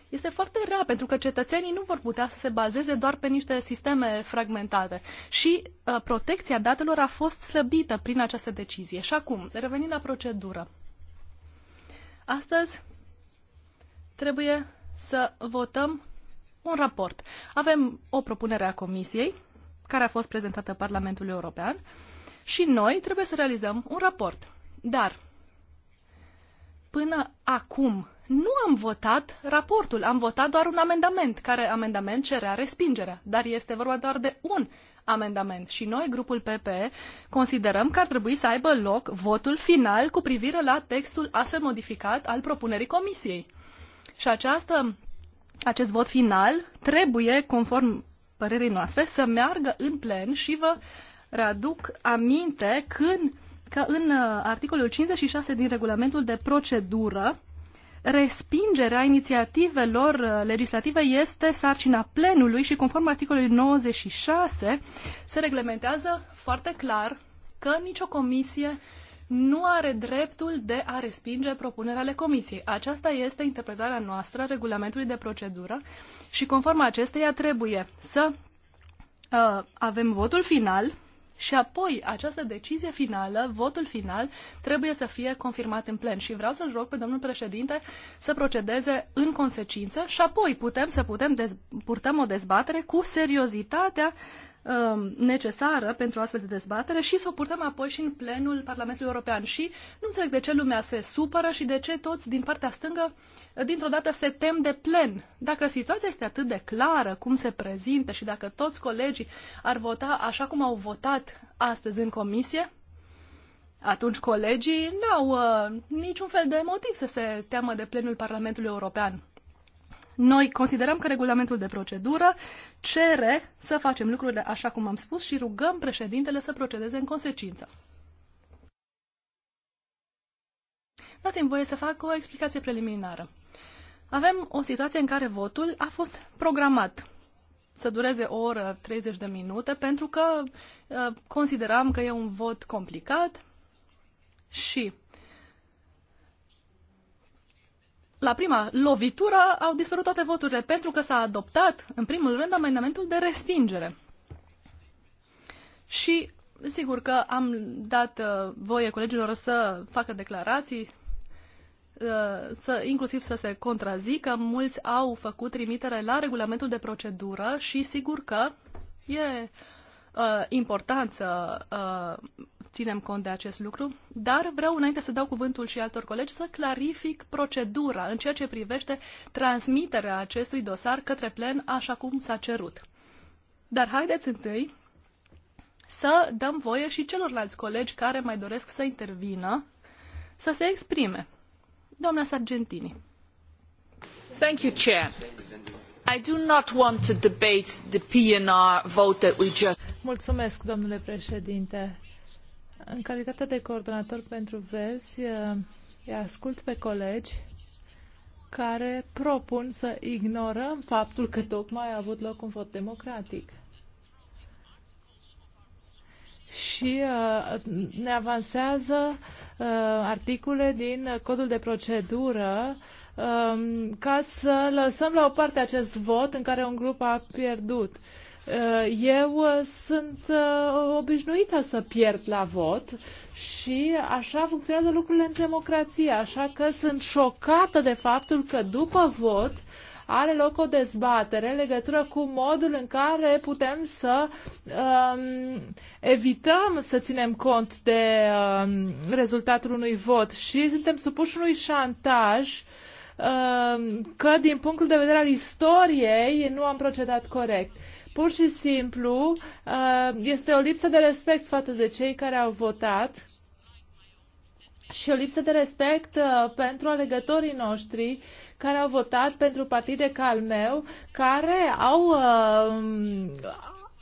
este foarte rea, pentru că cetățenii nu vor putea să se bazeze doar pe niște sisteme fragmentate. Și uh, protecția datelor a fost slăbită prin această decizie. Și acum, revenind la procedură. Astăzi trebuie să votăm un raport. Avem o propunere a Comisiei, care a fost prezentată Parlamentului European, și noi trebuie să realizăm un raport. Dar, până acum, nu am votat raportul, am votat doar un amendament, care amendament cerea respingerea, dar este vorba doar de un amendament. Și noi, grupul PP, considerăm că ar trebui să aibă loc votul final cu privire la textul astfel modificat al propunerii comisiei. Și această, acest vot final trebuie, conform părerii noastre, să meargă în plen și vă readuc aminte când, că în uh, articolul 56 din regulamentul de procedură, respingerea inițiativelor uh, legislative este sarcina plenului și conform articolului 96 se reglementează foarte clar că nicio comisie nu are dreptul de a respinge propunerea ale comisiei. Aceasta este interpretarea noastră a regulamentului de procedură și conform acesteia trebuie să uh, avem votul final și apoi această decizie finală, votul final, trebuie să fie confirmat în plen. Și vreau să-l rog pe domnul președinte să procedeze în consecință și apoi putem să putem dez- purtăm o dezbatere cu seriozitatea Um, necesară pentru astfel de dezbatere și să o purtăm apoi și în plenul Parlamentului European. Și nu înțeleg de ce lumea se supără și de ce toți din partea stângă dintr-o dată se tem de plen. Dacă situația este atât de clară cum se prezintă și dacă toți colegii ar vota așa cum au votat astăzi în comisie, atunci colegii nu au uh, niciun fel de motiv să se teamă de plenul Parlamentului European. Noi considerăm că regulamentul de procedură cere să facem lucrurile așa cum am spus și rugăm președintele să procedeze în consecință. Dați-mi voie să fac o explicație preliminară. Avem o situație în care votul a fost programat să dureze o oră 30 de minute pentru că uh, consideram că e un vot complicat și la prima lovitură au dispărut toate voturile pentru că s-a adoptat, în primul rând, amendamentul de respingere. Și sigur că am dat uh, voie colegilor să facă declarații, uh, să, inclusiv să se contrazică. Mulți au făcut trimitere la regulamentul de procedură și sigur că e uh, important să uh, ținem cont de acest lucru, dar vreau, înainte să dau cuvântul și altor colegi, să clarific procedura în ceea ce privește transmiterea acestui dosar către plen așa cum s-a cerut. Dar haideți întâi să dăm voie și celorlalți colegi care mai doresc să intervină să se exprime. Doamna Sargentini. Thank you, Chair. I do not want to debate the PNR vote that we just... Mulțumesc, domnule președinte. În calitate de coordonator pentru vezi, uh, îi ascult pe colegi care propun să ignorăm faptul că tocmai a avut loc un vot democratic. Și uh, ne avansează uh, articole din codul de procedură um, ca să lăsăm la o parte acest vot în care un grup a pierdut. Uh, eu uh, sunt uh, obișnuită să pierd la vot și așa funcționează lucrurile în democrație, așa că sunt șocată de faptul că după vot are loc o dezbatere în legătură cu modul în care putem să um, evităm să ținem cont de um, rezultatul unui vot și suntem supuși unui șantaj Um, că din punctul de vedere al istoriei nu am procedat corect. Pur și simplu um, este o lipsă de respect față de cei care au votat și o lipsă de respect uh, pentru alegătorii noștri care au votat pentru partide ca al meu, care au, uh,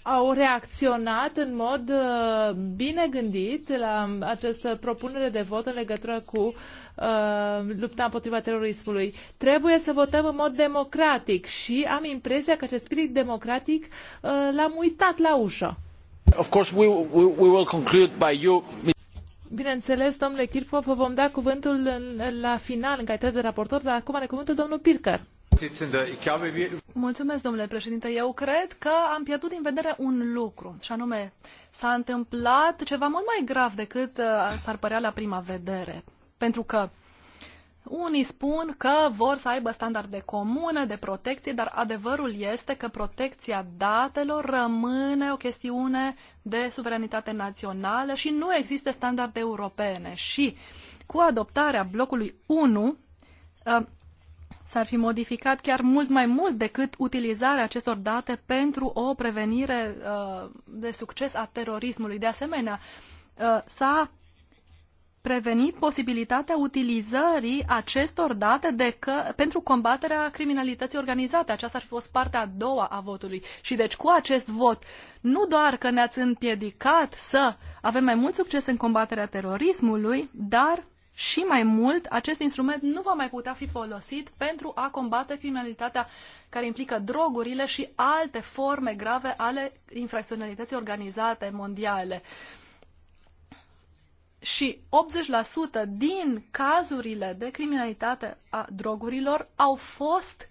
au reacționat în mod uh, bine gândit la această propunere de vot în legătură cu uh, lupta împotriva terorismului. Trebuie să votăm în mod democratic și am impresia că acest spirit democratic uh, l-am uitat la ușă. Of course we, we, we will conclude by you. Bineînțeles, domnule Kirchhoff, vom da cuvântul la final în calitate de raportor, dar acum are cuvântul domnul Pirker. Mulțumesc, domnule președinte. Eu cred că am pierdut din vedere un lucru, și anume, s-a întâmplat ceva mult mai grav decât uh, s-ar părea la prima vedere. Pentru că unii spun că vor să aibă standarde comune de protecție, dar adevărul este că protecția datelor rămâne o chestiune de suveranitate națională și nu există standarde europene. Și cu adoptarea blocului 1, s-ar fi modificat chiar mult mai mult decât utilizarea acestor date pentru o prevenire uh, de succes a terorismului. De asemenea, uh, s-a prevenit posibilitatea utilizării acestor date de că, pentru combaterea criminalității organizate. Aceasta ar fi fost partea a doua a votului. Și deci cu acest vot, nu doar că ne-ați împiedicat să avem mai mult succes în combaterea terorismului, dar și mai mult, acest instrument nu va mai putea fi folosit pentru a combate criminalitatea care implică drogurile și alte forme grave ale infracționalității organizate mondiale. Și 80% din cazurile de criminalitate a drogurilor au fost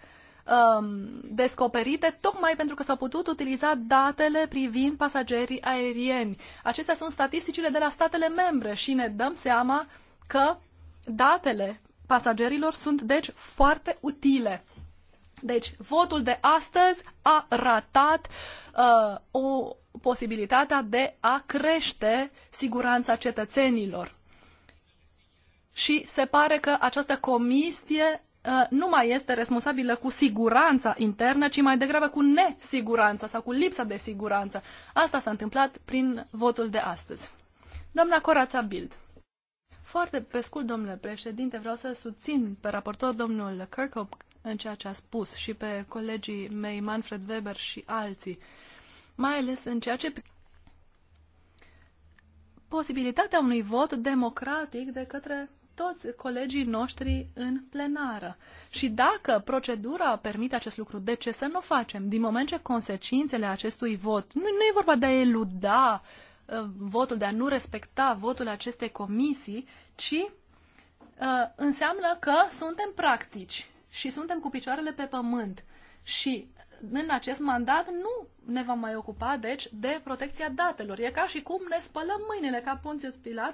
um, descoperite tocmai pentru că s-au putut utiliza datele privind pasagerii aerieni. Acestea sunt statisticile de la statele membre și ne dăm seama uh, că datele pasagerilor sunt deci foarte utile. Deci, votul de astăzi a ratat uh, o posibilitatea de a crește siguranța cetățenilor. Și se pare că această comisie uh, nu mai este responsabilă cu siguranța internă, ci mai degrabă cu nesiguranța sau cu lipsa de siguranță. Asta s-a întâmplat prin votul de astăzi. Doamna Corața Bild. Foarte pe scurt, domnule președinte, vreau să susțin pe raportor domnul Kirkhope în ceea ce a spus și pe colegii mei Manfred Weber și alții, mai ales în ceea ce posibilitatea unui vot democratic de către toți colegii noștri în plenară. Și dacă procedura permite acest lucru, de ce să nu facem? Din moment ce consecințele acestui vot, nu, nu e vorba de a eluda uh, votul, de a nu respecta votul acestei comisii, ci uh, înseamnă că suntem practici și suntem cu picioarele pe pământ. Și în acest mandat nu ne vom mai ocupa, deci, de protecția datelor. E ca și cum ne spălăm mâinile ca Pontius Pilat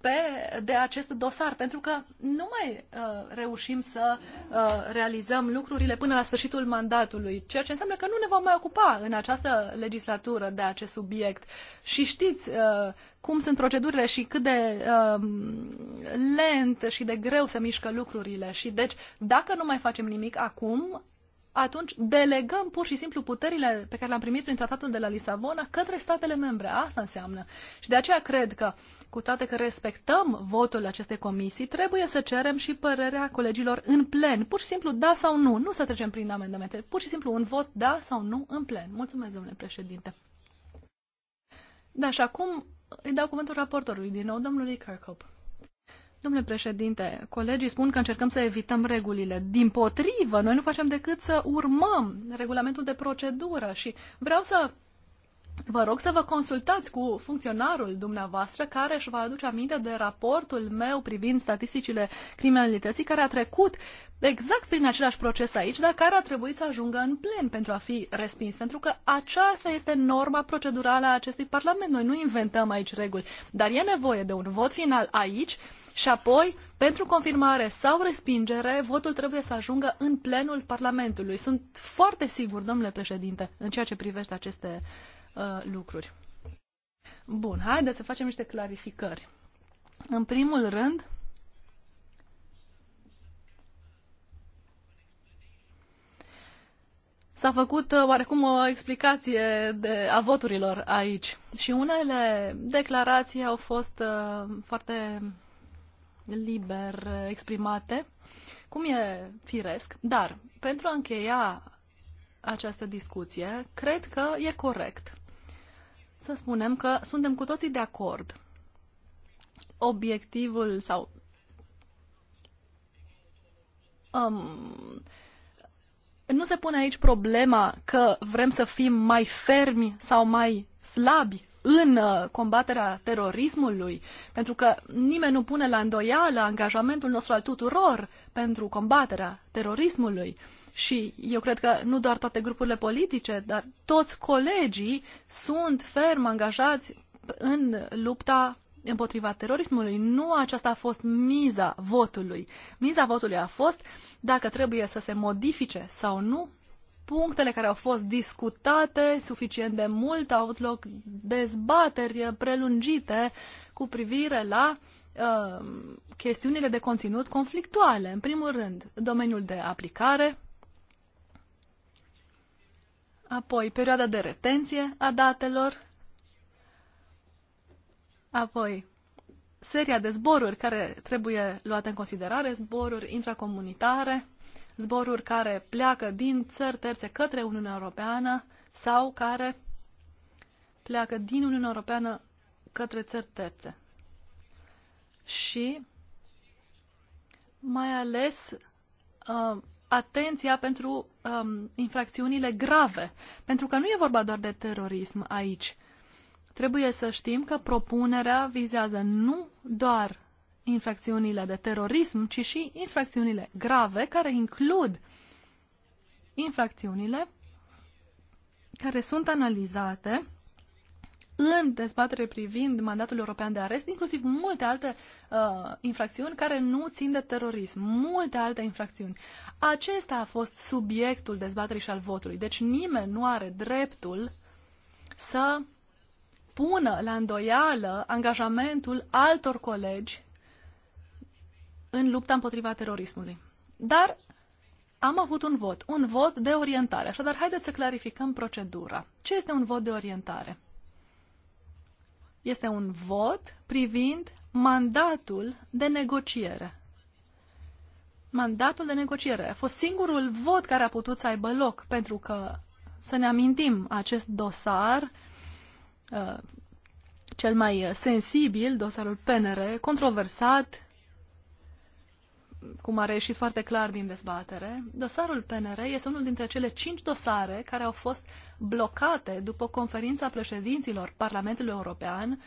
pe, de acest dosar, pentru că nu mai uh, reușim să uh, realizăm lucrurile până la sfârșitul mandatului, ceea ce înseamnă că nu ne vom mai ocupa în această legislatură de acest subiect. Și știți uh, cum sunt procedurile și cât de uh, lent și de greu se mișcă lucrurile. Și deci, dacă nu mai facem nimic acum, atunci delegăm pur și simplu puterile pe care le-am primit prin tratatul de la Lisabona către statele membre. Asta înseamnă. Și de aceea cred că, cu toate că respectăm votul acestei comisii, trebuie să cerem și părerea colegilor în plen. Pur și simplu da sau nu. Nu să trecem prin amendamente. Pur și simplu un vot da sau nu în plen. Mulțumesc, domnule președinte. Da, și acum îi dau cuvântul raportorului din nou, domnului Kirkhope. Domnule președinte, colegii spun că încercăm să evităm regulile. Din potrivă, noi nu facem decât să urmăm regulamentul de procedură și vreau să vă rog să vă consultați cu funcționarul dumneavoastră care își va aduce aminte de raportul meu privind statisticile criminalității care a trecut exact prin același proces aici, dar care a trebuit să ajungă în plen pentru a fi respins, pentru că aceasta este norma procedurală a acestui Parlament. Noi nu inventăm aici reguli, dar e nevoie de un vot final aici și apoi, pentru confirmare sau respingere, votul trebuie să ajungă în plenul Parlamentului. Sunt foarte sigur, domnule președinte, în ceea ce privește aceste uh, lucruri. Bun, haideți să facem niște clarificări. În primul rând, S-a făcut uh, oarecum o explicație de, a voturilor aici și unele declarații au fost uh, foarte liber exprimate, cum e firesc, dar pentru a încheia această discuție, cred că e corect să spunem că suntem cu toții de acord. Obiectivul sau um, nu se pune aici problema că vrem să fim mai fermi sau mai slabi în uh, combaterea terorismului, pentru că nimeni nu pune la îndoială angajamentul nostru al tuturor pentru combaterea terorismului. Și eu cred că nu doar toate grupurile politice, dar toți colegii sunt ferm angajați în lupta împotriva terorismului. Nu aceasta a fost miza votului. Miza votului a fost dacă trebuie să se modifice sau nu punctele care au fost discutate suficient de mult, au avut loc dezbateri prelungite cu privire la uh, chestiunile de conținut conflictuale. În primul rând, domeniul de aplicare, apoi perioada de retenție a datelor, apoi seria de zboruri care trebuie luate în considerare, zboruri intracomunitare, zboruri care pleacă din țări terțe către Uniunea Europeană sau care pleacă din Uniunea Europeană către țări terțe. Și mai ales uh, atenția pentru um, infracțiunile grave, pentru că nu e vorba doar de terorism aici. Trebuie să știm că propunerea vizează nu doar infracțiunile de terorism, ci și infracțiunile grave, care includ infracțiunile care sunt analizate în dezbatere privind mandatul european de arest, inclusiv multe alte uh, infracțiuni care nu țin de terorism, multe alte infracțiuni. Acesta a fost subiectul dezbaterii și al votului. Deci nimeni nu are dreptul să pună la îndoială angajamentul altor colegi în lupta împotriva terorismului. Dar am avut un vot, un vot de orientare. Așadar, haideți să clarificăm procedura. Ce este un vot de orientare? Este un vot privind mandatul de negociere. Mandatul de negociere a fost singurul vot care a putut să aibă loc, pentru că, să ne amintim, acest dosar, uh, cel mai sensibil, dosarul PNR, controversat, cum a reieșit foarte clar din dezbatere, dosarul PNR este unul dintre cele cinci dosare care au fost blocate după conferința președinților Parlamentului European,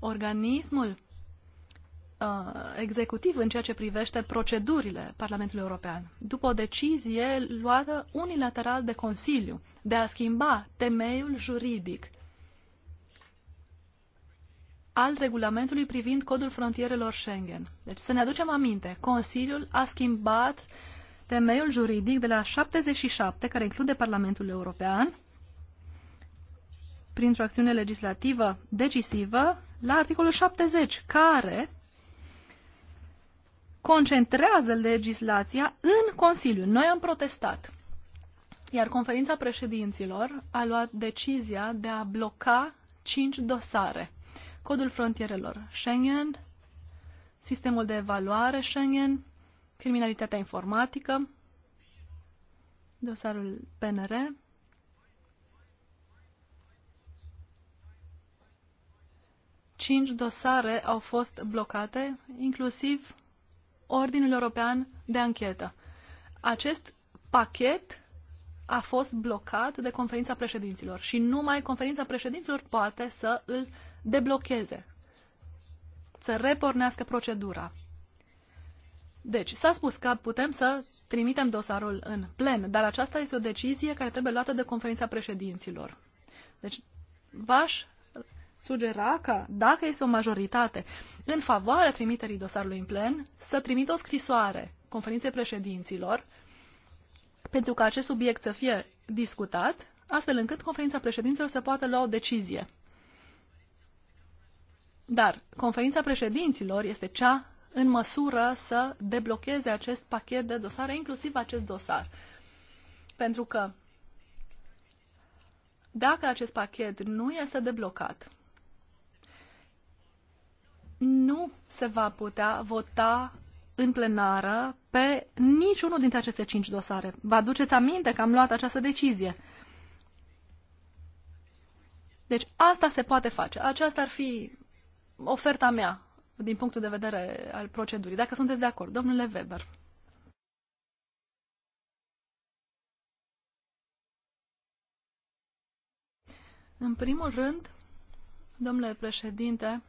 organismul uh, executiv în ceea ce privește procedurile Parlamentului European, după o decizie luată unilateral de Consiliu de a schimba temeiul juridic al regulamentului privind codul frontierelor Schengen. Deci să ne aducem aminte, Consiliul a schimbat temeiul juridic de la 77, care include Parlamentul European, printr-o acțiune legislativă decisivă, la articolul 70, care concentrează legislația în Consiliu. Noi am protestat. Iar conferința președinților a luat decizia de a bloca cinci dosare codul frontierelor Schengen, sistemul de evaluare Schengen, criminalitatea informatică, dosarul PNR, cinci dosare au fost blocate, inclusiv Ordinul European de Anchetă. Acest pachet a fost blocat de conferința președinților și numai conferința președinților poate să îl deblocheze, să repornească procedura. Deci, s-a spus că putem să trimitem dosarul în plen, dar aceasta este o decizie care trebuie luată de conferința președinților. Deci, v-aș sugera că, dacă este o majoritate în favoarea trimiterii dosarului în plen, să trimită o scrisoare conferinței președinților pentru ca acest subiect să fie discutat, astfel încât conferința președinților să poată lua o decizie. Dar conferința președinților este cea în măsură să deblocheze acest pachet de dosare, inclusiv acest dosar. Pentru că dacă acest pachet nu este deblocat, nu se va putea vota în plenară pe niciunul dintre aceste cinci dosare. Vă aduceți aminte că am luat această decizie. Deci asta se poate face. Aceasta ar fi oferta mea din punctul de vedere al procedurii. Dacă sunteți de acord, domnule Weber. În primul rând, domnule președinte,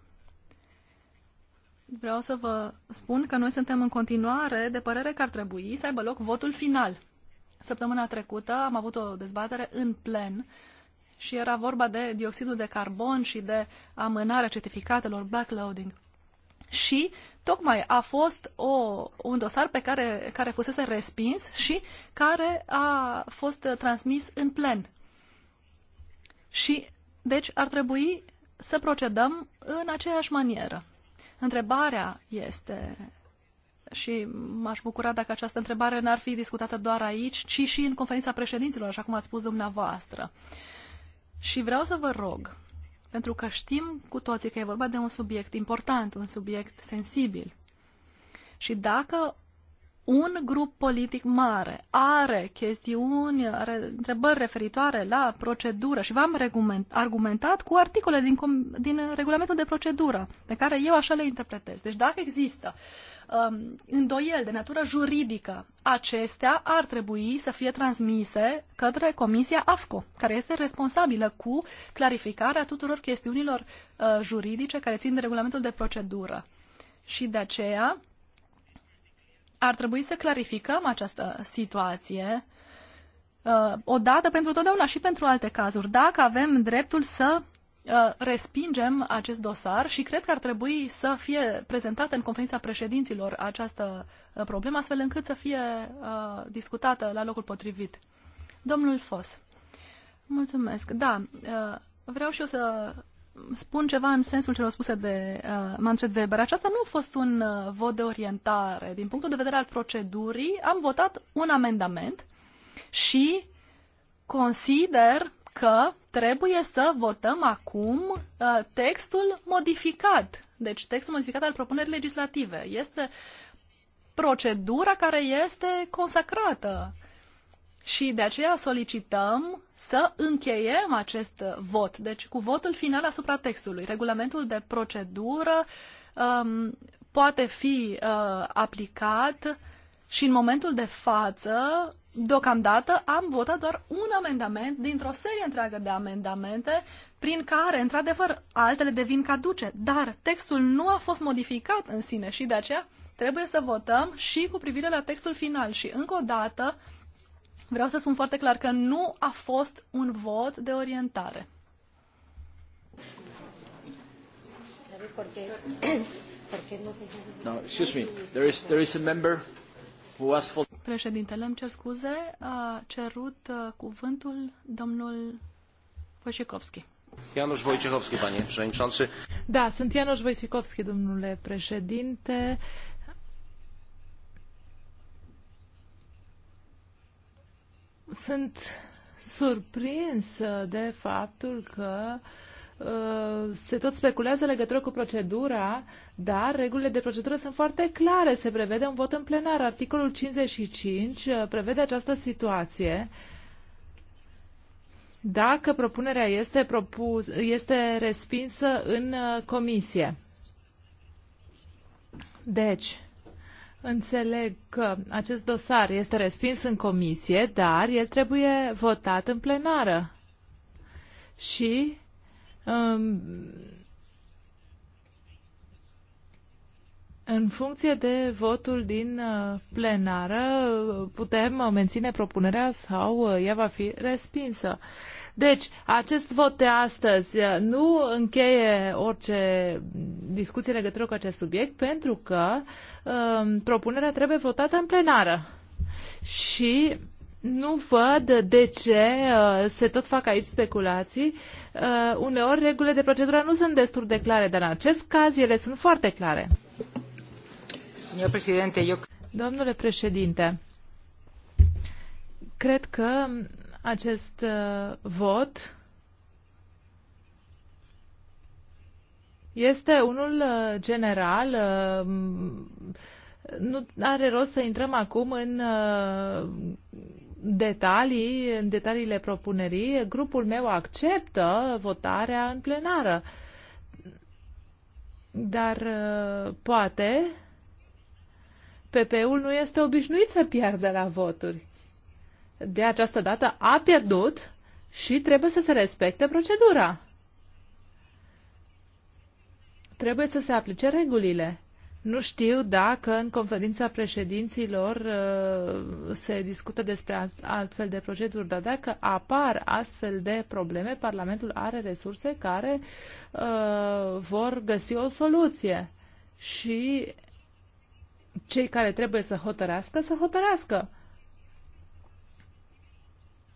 vreau să vă spun că noi suntem în continuare de părere că ar trebui să aibă loc votul final. Săptămâna trecută am avut o dezbatere în plen și era vorba de dioxidul de carbon și de amânarea certificatelor backloading. Și tocmai a fost o, un dosar pe care, care fusese respins și care a fost transmis în plen. Și deci ar trebui să procedăm în aceeași manieră. Întrebarea este, și m-aș bucura dacă această întrebare n-ar fi discutată doar aici, ci și în conferința președinților, așa cum ați spus dumneavoastră. Și vreau să vă rog, pentru că știm cu toții că e vorba de un subiect important, un subiect sensibil. Și dacă un grup politic mare are chestiuni, are întrebări referitoare la procedură și v-am argumentat cu articole din, din regulamentul de procedură, pe care eu așa le interpretez. Deci dacă există um, îndoieli de natură juridică, acestea ar trebui să fie transmise către Comisia AFCO, care este responsabilă cu clarificarea tuturor chestiunilor uh, juridice care țin de regulamentul de procedură. Și de aceea, ar trebui să clarificăm această situație uh, odată pentru totdeauna și pentru alte cazuri. Dacă avem dreptul să uh, respingem acest dosar și cred că ar trebui să fie prezentată în conferința președinților această uh, problemă, astfel încât să fie uh, discutată la locul potrivit. Domnul Fos. Mulțumesc. Da, uh, vreau și eu să spun ceva în sensul celor spuse de uh, Manfred Weber. Aceasta nu a fost un uh, vot de orientare. Din punctul de vedere al procedurii, am votat un amendament și consider că trebuie să votăm acum uh, textul modificat. Deci textul modificat al propunerii legislative. Este procedura care este consacrată uh, și de aceea solicităm să încheiem acest vot, deci cu votul final asupra textului. Regulamentul de procedură um, poate fi uh, aplicat și în momentul de față, deocamdată, am votat doar un amendament dintr-o serie întreagă de amendamente, prin care, într-adevăr, altele devin caduce, dar textul nu a fost modificat în sine și de aceea trebuie să votăm și cu privire la textul final. Și încă o dată, Vreau să spun foarte clar că nu a fost un vot de orientare. No, excuse me. There is, there is a member who asked for... Președintele, îmi cer scuze, a cerut uh, cuvântul domnul Wojciechowski. Janusz Wojciechowski, panie przewodniczący. Da, sunt Janusz Wojciechowski, domnule președinte. Sunt surprins de faptul că uh, se tot speculează legătură cu procedura, dar regulile de procedură sunt foarte clare. Se prevede un vot în plenar. Articolul 55 uh, prevede această situație. Dacă propunerea este, propus, este respinsă în uh, comisie. Deci, Înțeleg că acest dosar este respins în comisie, dar el trebuie votat în plenară. Și um, În funcție de votul din uh, plenară, putem uh, menține propunerea sau uh, ea va fi respinsă. Deci, acest vot de astăzi eh, nu încheie orice discuție legătură cu acest subiect, pentru că ehm, propunerea trebuie votată în plenară. Și nu văd de ce uh, se tot fac aici speculații. Uh, uneori regulile de procedură nu sunt destul de clare, dar în acest caz ele sunt foarte clare. Președinte, Domnule președinte, cred că acest uh, vot este unul uh, general. Uh, nu are rost să intrăm acum în detalii, în detaliile propunerii. Grupul meu acceptă votarea în plenară. Dar poate PP-ul nu este obișnuit să piardă la voturi de această dată a pierdut și trebuie să se respecte procedura. Trebuie să se aplice regulile. Nu știu dacă în conferința președinților uh, se discută despre altfel de proceduri, dar dacă apar astfel de probleme, Parlamentul are resurse care uh, vor găsi o soluție. Și cei care trebuie să hotărească, să hotărească.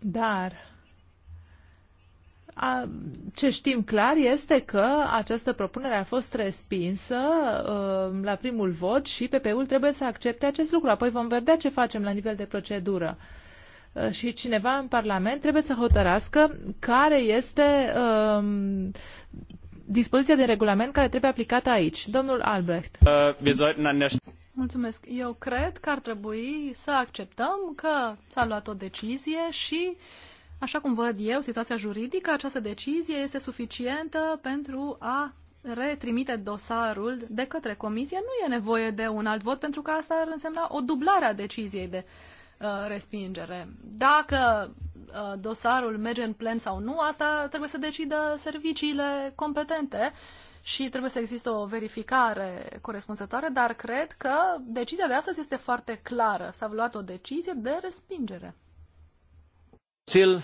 Dar a, ce știm clar este că această propunere a fost respinsă a, ă, la primul vot și PP-ul trebuie să accepte acest lucru. Apoi vom vedea ce facem la nivel de procedură. A, ă, și cineva în Parlament trebuie să hotărască care este A, ă, dispoziția de regulament care trebuie aplicată aici. Domnul Albrecht. Uh, Mulțumesc. Eu cred că ar trebui să acceptăm că s-a luat o decizie și, așa cum văd eu, situația juridică, această decizie este suficientă pentru a retrimite dosarul de către comisie. Nu e nevoie de un alt vot pentru că asta ar însemna o dublare a deciziei de Uh, respingere. Dacă uh, dosarul merge în plen sau nu, asta trebuie să decidă serviciile competente și trebuie să existe o verificare corespunzătoare, dar cred că decizia de astăzi este foarte clară. S-a luat o decizie de respingere. Still,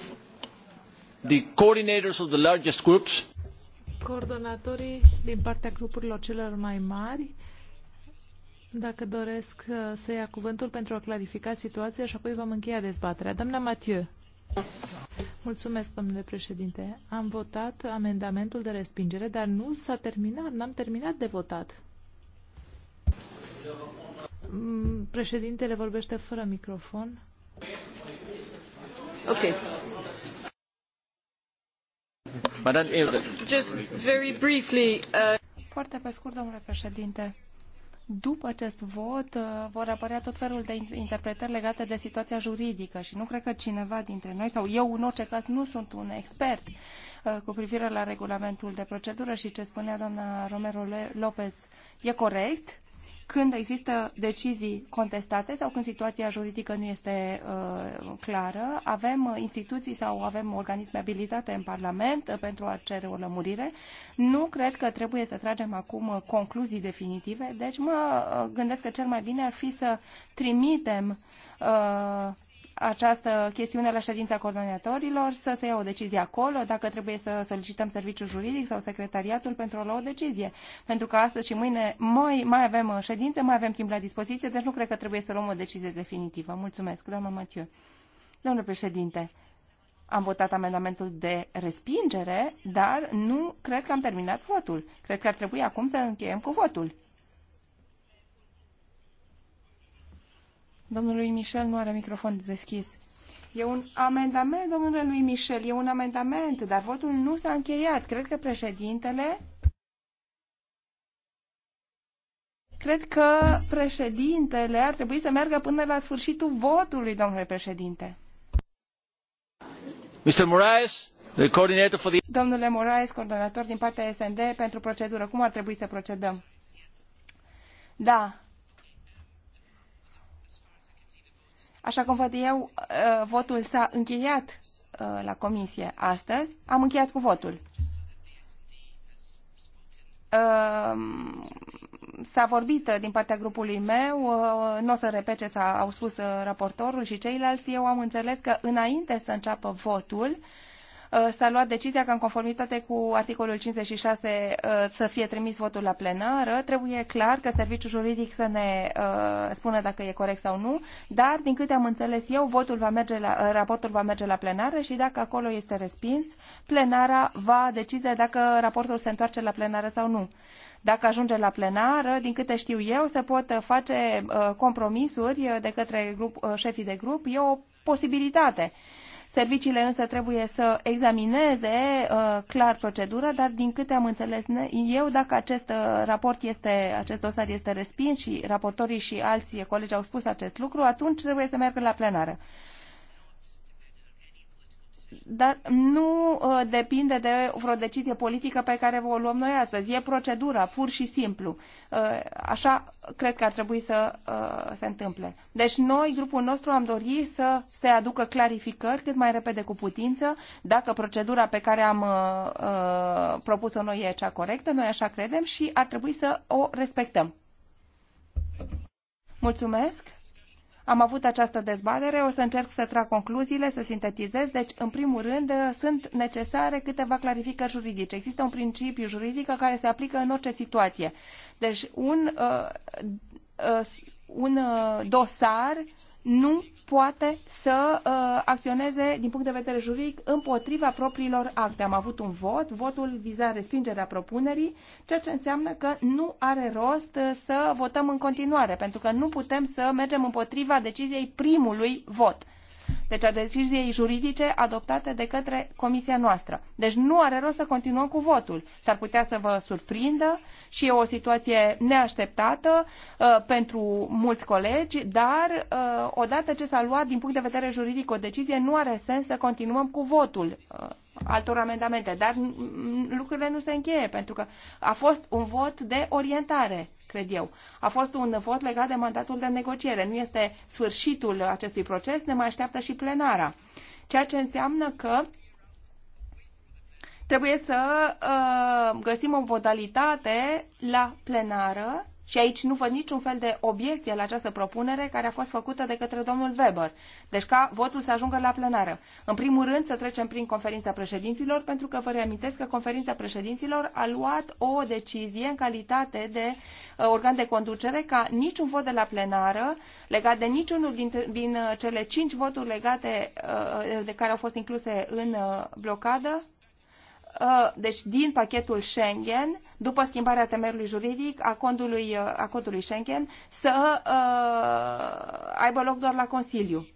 the coordinators of the largest groups coordonatorii din partea grupurilor celor mai mari dacă doresc uh, să ia cuvântul pentru a clarifica situația și apoi vom încheia dezbaterea. Doamna Mathieu. Mulțumesc, domnule președinte. Am votat amendamentul de respingere, dar nu s-a terminat, n-am terminat de votat. Mm, președintele vorbește fără microfon. Ok. Just very briefly, uh... Foarte pe scurt, domnule președinte după acest vot uh, vor apărea tot felul de interpretări legate de situația juridică și nu cred că cineva dintre noi, sau eu în orice caz nu sunt un expert uh, cu privire la regulamentul de procedură și ce spunea doamna Romero Lopez e corect, când există decizii contestate sau când situația juridică nu este uh, clară. Avem instituții sau avem organisme abilitate în Parlament uh, pentru a cere o lămurire. Nu cred că trebuie să tragem acum uh, concluzii definitive, deci mă uh, gândesc că cel mai bine ar fi să trimitem uh, această chestiune la ședința coordonatorilor, să se ia o decizie acolo, dacă trebuie să solicităm serviciul juridic sau secretariatul pentru a lua o decizie. Pentru că astăzi și mâine mai, mai avem uh, ședințe, mai avem timp la dispoziție, deci nu cred că trebuie să luăm o decizie definitivă. Mulțumesc, doamna Matiu. Domnule președinte, am votat amendamentul de respingere, dar nu cred că am terminat votul. Cred că ar trebui acum să încheiem cu votul. Domnului Michel nu are microfon deschis. E un amendament, domnule lui Michel, e un amendament, dar votul nu s-a încheiat. Cred că președintele... Cred că președintele ar trebui să meargă până la sfârșitul votului, domnule președinte. Mr. Moraes, the coordinator for the... Domnule Moraes, coordonator din partea SND, pentru procedură, cum ar trebui să procedăm? Da, Așa cum văd eu, uh, votul s-a încheiat uh, la comisie astăzi. Am încheiat cu votul. Uh, s-a vorbit din partea grupului meu, nu o să repet ce au spus raportorul și ceilalți, eu am înțeles că înainte să înceapă votul, Uh, s-a luat decizia că în conformitate cu articolul 56 uh, să fie trimis votul la plenară. Trebuie clar că serviciul juridic să ne uh, spună dacă e corect sau nu, dar din câte am înțeles eu, votul va merge la, raportul va merge la plenară și dacă acolo este respins, plenara va decide dacă raportul se întoarce la plenară sau nu. Dacă ajunge la plenară, din câte știu eu, se pot face compromisuri de către grup, șefii de grup. E o posibilitate. Uh, Serviciile însă trebuie să examineze uh, clar procedura, dar din câte am înțeles eu, dacă acest uh, raport este, acest dosar este respins și raportorii și alții colegi au spus acest lucru, atunci trebuie să meargă la plenară dar nu uh, depinde de vreo decizie politică pe care o luăm noi astăzi. E procedura, pur și simplu. Uh, așa cred că ar trebui să uh, se întâmple. Deci noi, grupul nostru, am dorit să se aducă clarificări cât mai repede cu putință dacă procedura pe care am propus-o noi e cea corectă, noi așa credem și ar trebui să o respectăm. Mulțumesc! Am avut această dezbatere, o să încerc să trag concluziile, să sintetizez. Deci, în primul rând, sunt necesare câteva clarificări juridice. Există un principiu juridic care se aplică în orice situație. Deci, un, uh, uh, un uh, dosar nu poate să uh, acționeze din punct de vedere juridic împotriva propriilor acte. Am avut un vot, votul viza respingerea propunerii, ceea ce înseamnă că nu are rost uh, să votăm în continuare, pentru că nu putem să mergem împotriva deciziei primului vot deci a deciziei juridice adoptate de către comisia noastră. Deci nu are rost să continuăm cu votul. S-ar putea să vă surprindă și e o situație neașteptată uh, pentru mulți colegi, dar uh, odată ce s-a luat din punct de vedere juridic o decizie, nu are sens să continuăm cu votul. Uh, altor amendamente, dar lucrurile nu se încheie, pentru că a fost un vot de orientare, cred eu. A fost un vot legat de mandatul de negociere. Nu este sfârșitul acestui proces, ne mai așteaptă și plenara. Ceea ce înseamnă că trebuie să uh, găsim o modalitate la plenară și aici nu văd niciun fel de obiecție la această propunere care a fost făcută de către domnul Weber. Deci ca votul să ajungă la plenară. În primul rând să trecem prin conferința președinților, pentru că vă reamintesc că conferința președinților a luat o decizie în calitate de uh, organ de conducere ca niciun vot de la plenară legat de niciunul din, din uh, cele cinci voturi legate uh, de care au fost incluse în blocadă Uh, deci din pachetul Schengen, după schimbarea temerului juridic a contului, uh, a contului Schengen, să uh, aibă loc doar la Consiliu.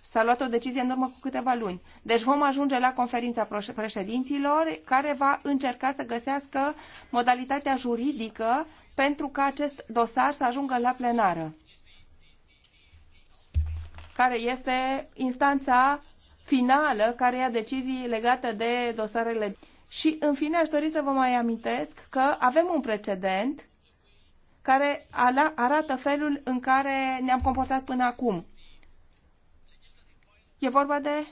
S-a luat o decizie în urmă cu câteva luni. Deci vom ajunge la conferința președinților care va încerca să găsească modalitatea juridică pentru ca acest dosar să ajungă la plenară, care este instanța finală care ia decizii legate de dosarele. Și, în fine, aș dori să vă mai amintesc că avem un precedent care arată felul în care ne-am comportat până acum. E vorba de uh,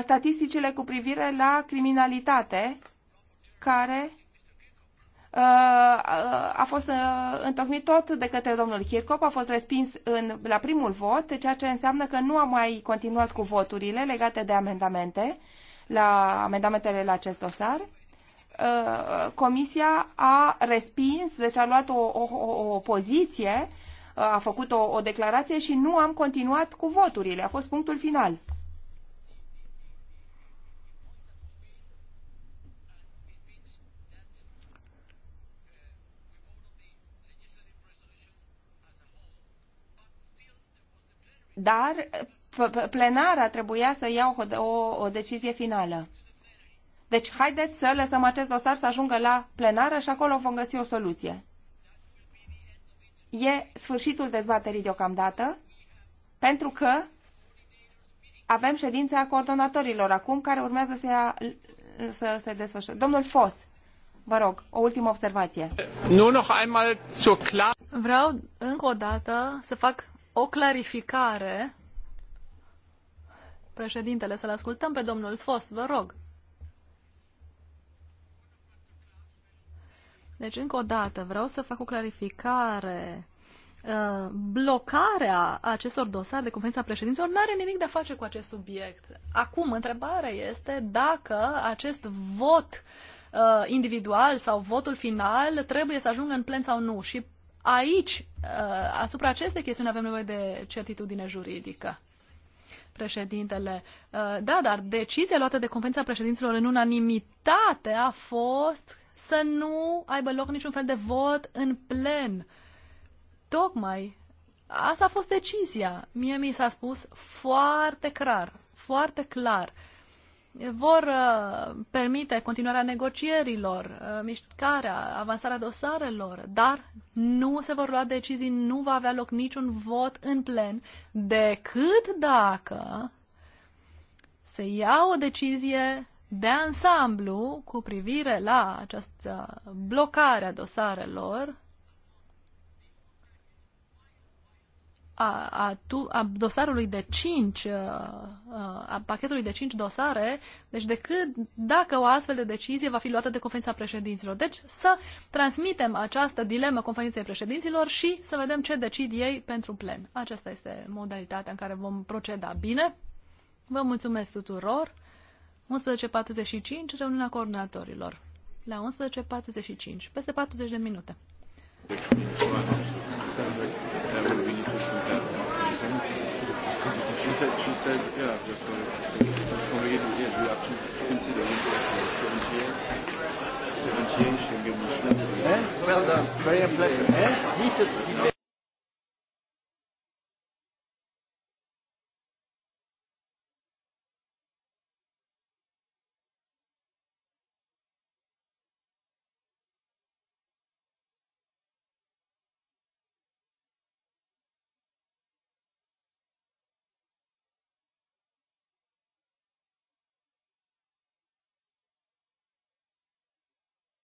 statisticile cu privire la criminalitate care Uh, a fost uh, întocmit tot de către domnul Kirchhoff, a fost respins în, la primul vot, ceea ce înseamnă că nu a mai continuat cu voturile legate de amendamente, la amendamentele la acest dosar. Uh, comisia a respins, deci a luat o, o, o, o poziție, a făcut o, o declarație și nu am continuat cu voturile. A fost punctul final. dar plenara trebuia să ia o, o, o decizie finală. Deci haideți să lăsăm acest dosar să ajungă la plenară și acolo vom găsi o soluție. E sfârșitul dezbaterii deocamdată, pentru că avem ședința coordonatorilor acum, care urmează să, ia, să se desfășoare. Domnul Fos, vă rog, o ultimă observație. Vreau încă o dată să fac o clarificare. Președintele, să-l ascultăm pe domnul Fos, vă rog. Deci, încă o dată, vreau să fac o clarificare. Uh, blocarea acestor dosare de conferința președinților nu are nimic de a face cu acest subiect. Acum, întrebarea este dacă acest vot uh, individual sau votul final trebuie să ajungă în plen sau nu. Și Aici, uh, asupra acestei chestiuni, avem nevoie de certitudine juridică. Președintele, uh, da, dar decizia luată de Convenția Președinților în unanimitate a fost să nu aibă loc niciun fel de vot în plen. Tocmai asta a fost decizia. Mie mi s-a spus foarte clar, foarte clar vor uh, permite continuarea negocierilor, uh, mișcarea, avansarea dosarelor, dar nu se vor lua decizii, nu va avea loc niciun vot în plen, decât dacă se ia o decizie de ansamblu cu privire la această blocare a dosarelor a, a, tu, a dosarului de 5, uh, uh, a pachetului de 5 dosare, deci decât dacă o astfel de decizie va fi luată de conferința președinților. Deci să transmitem această dilemă conferinței președinților și să vedem ce decid ei pentru plen. Aceasta este modalitatea în care vom proceda bine. Vă mulțumesc tuturor. 11.45, reuniunea coordonatorilor. La 11.45, peste 40 de minute. Deci, said, she said, yeah, that's what it's already here. You have to consider it as 78. she can me a eh? Well done. Very impressive. Eh?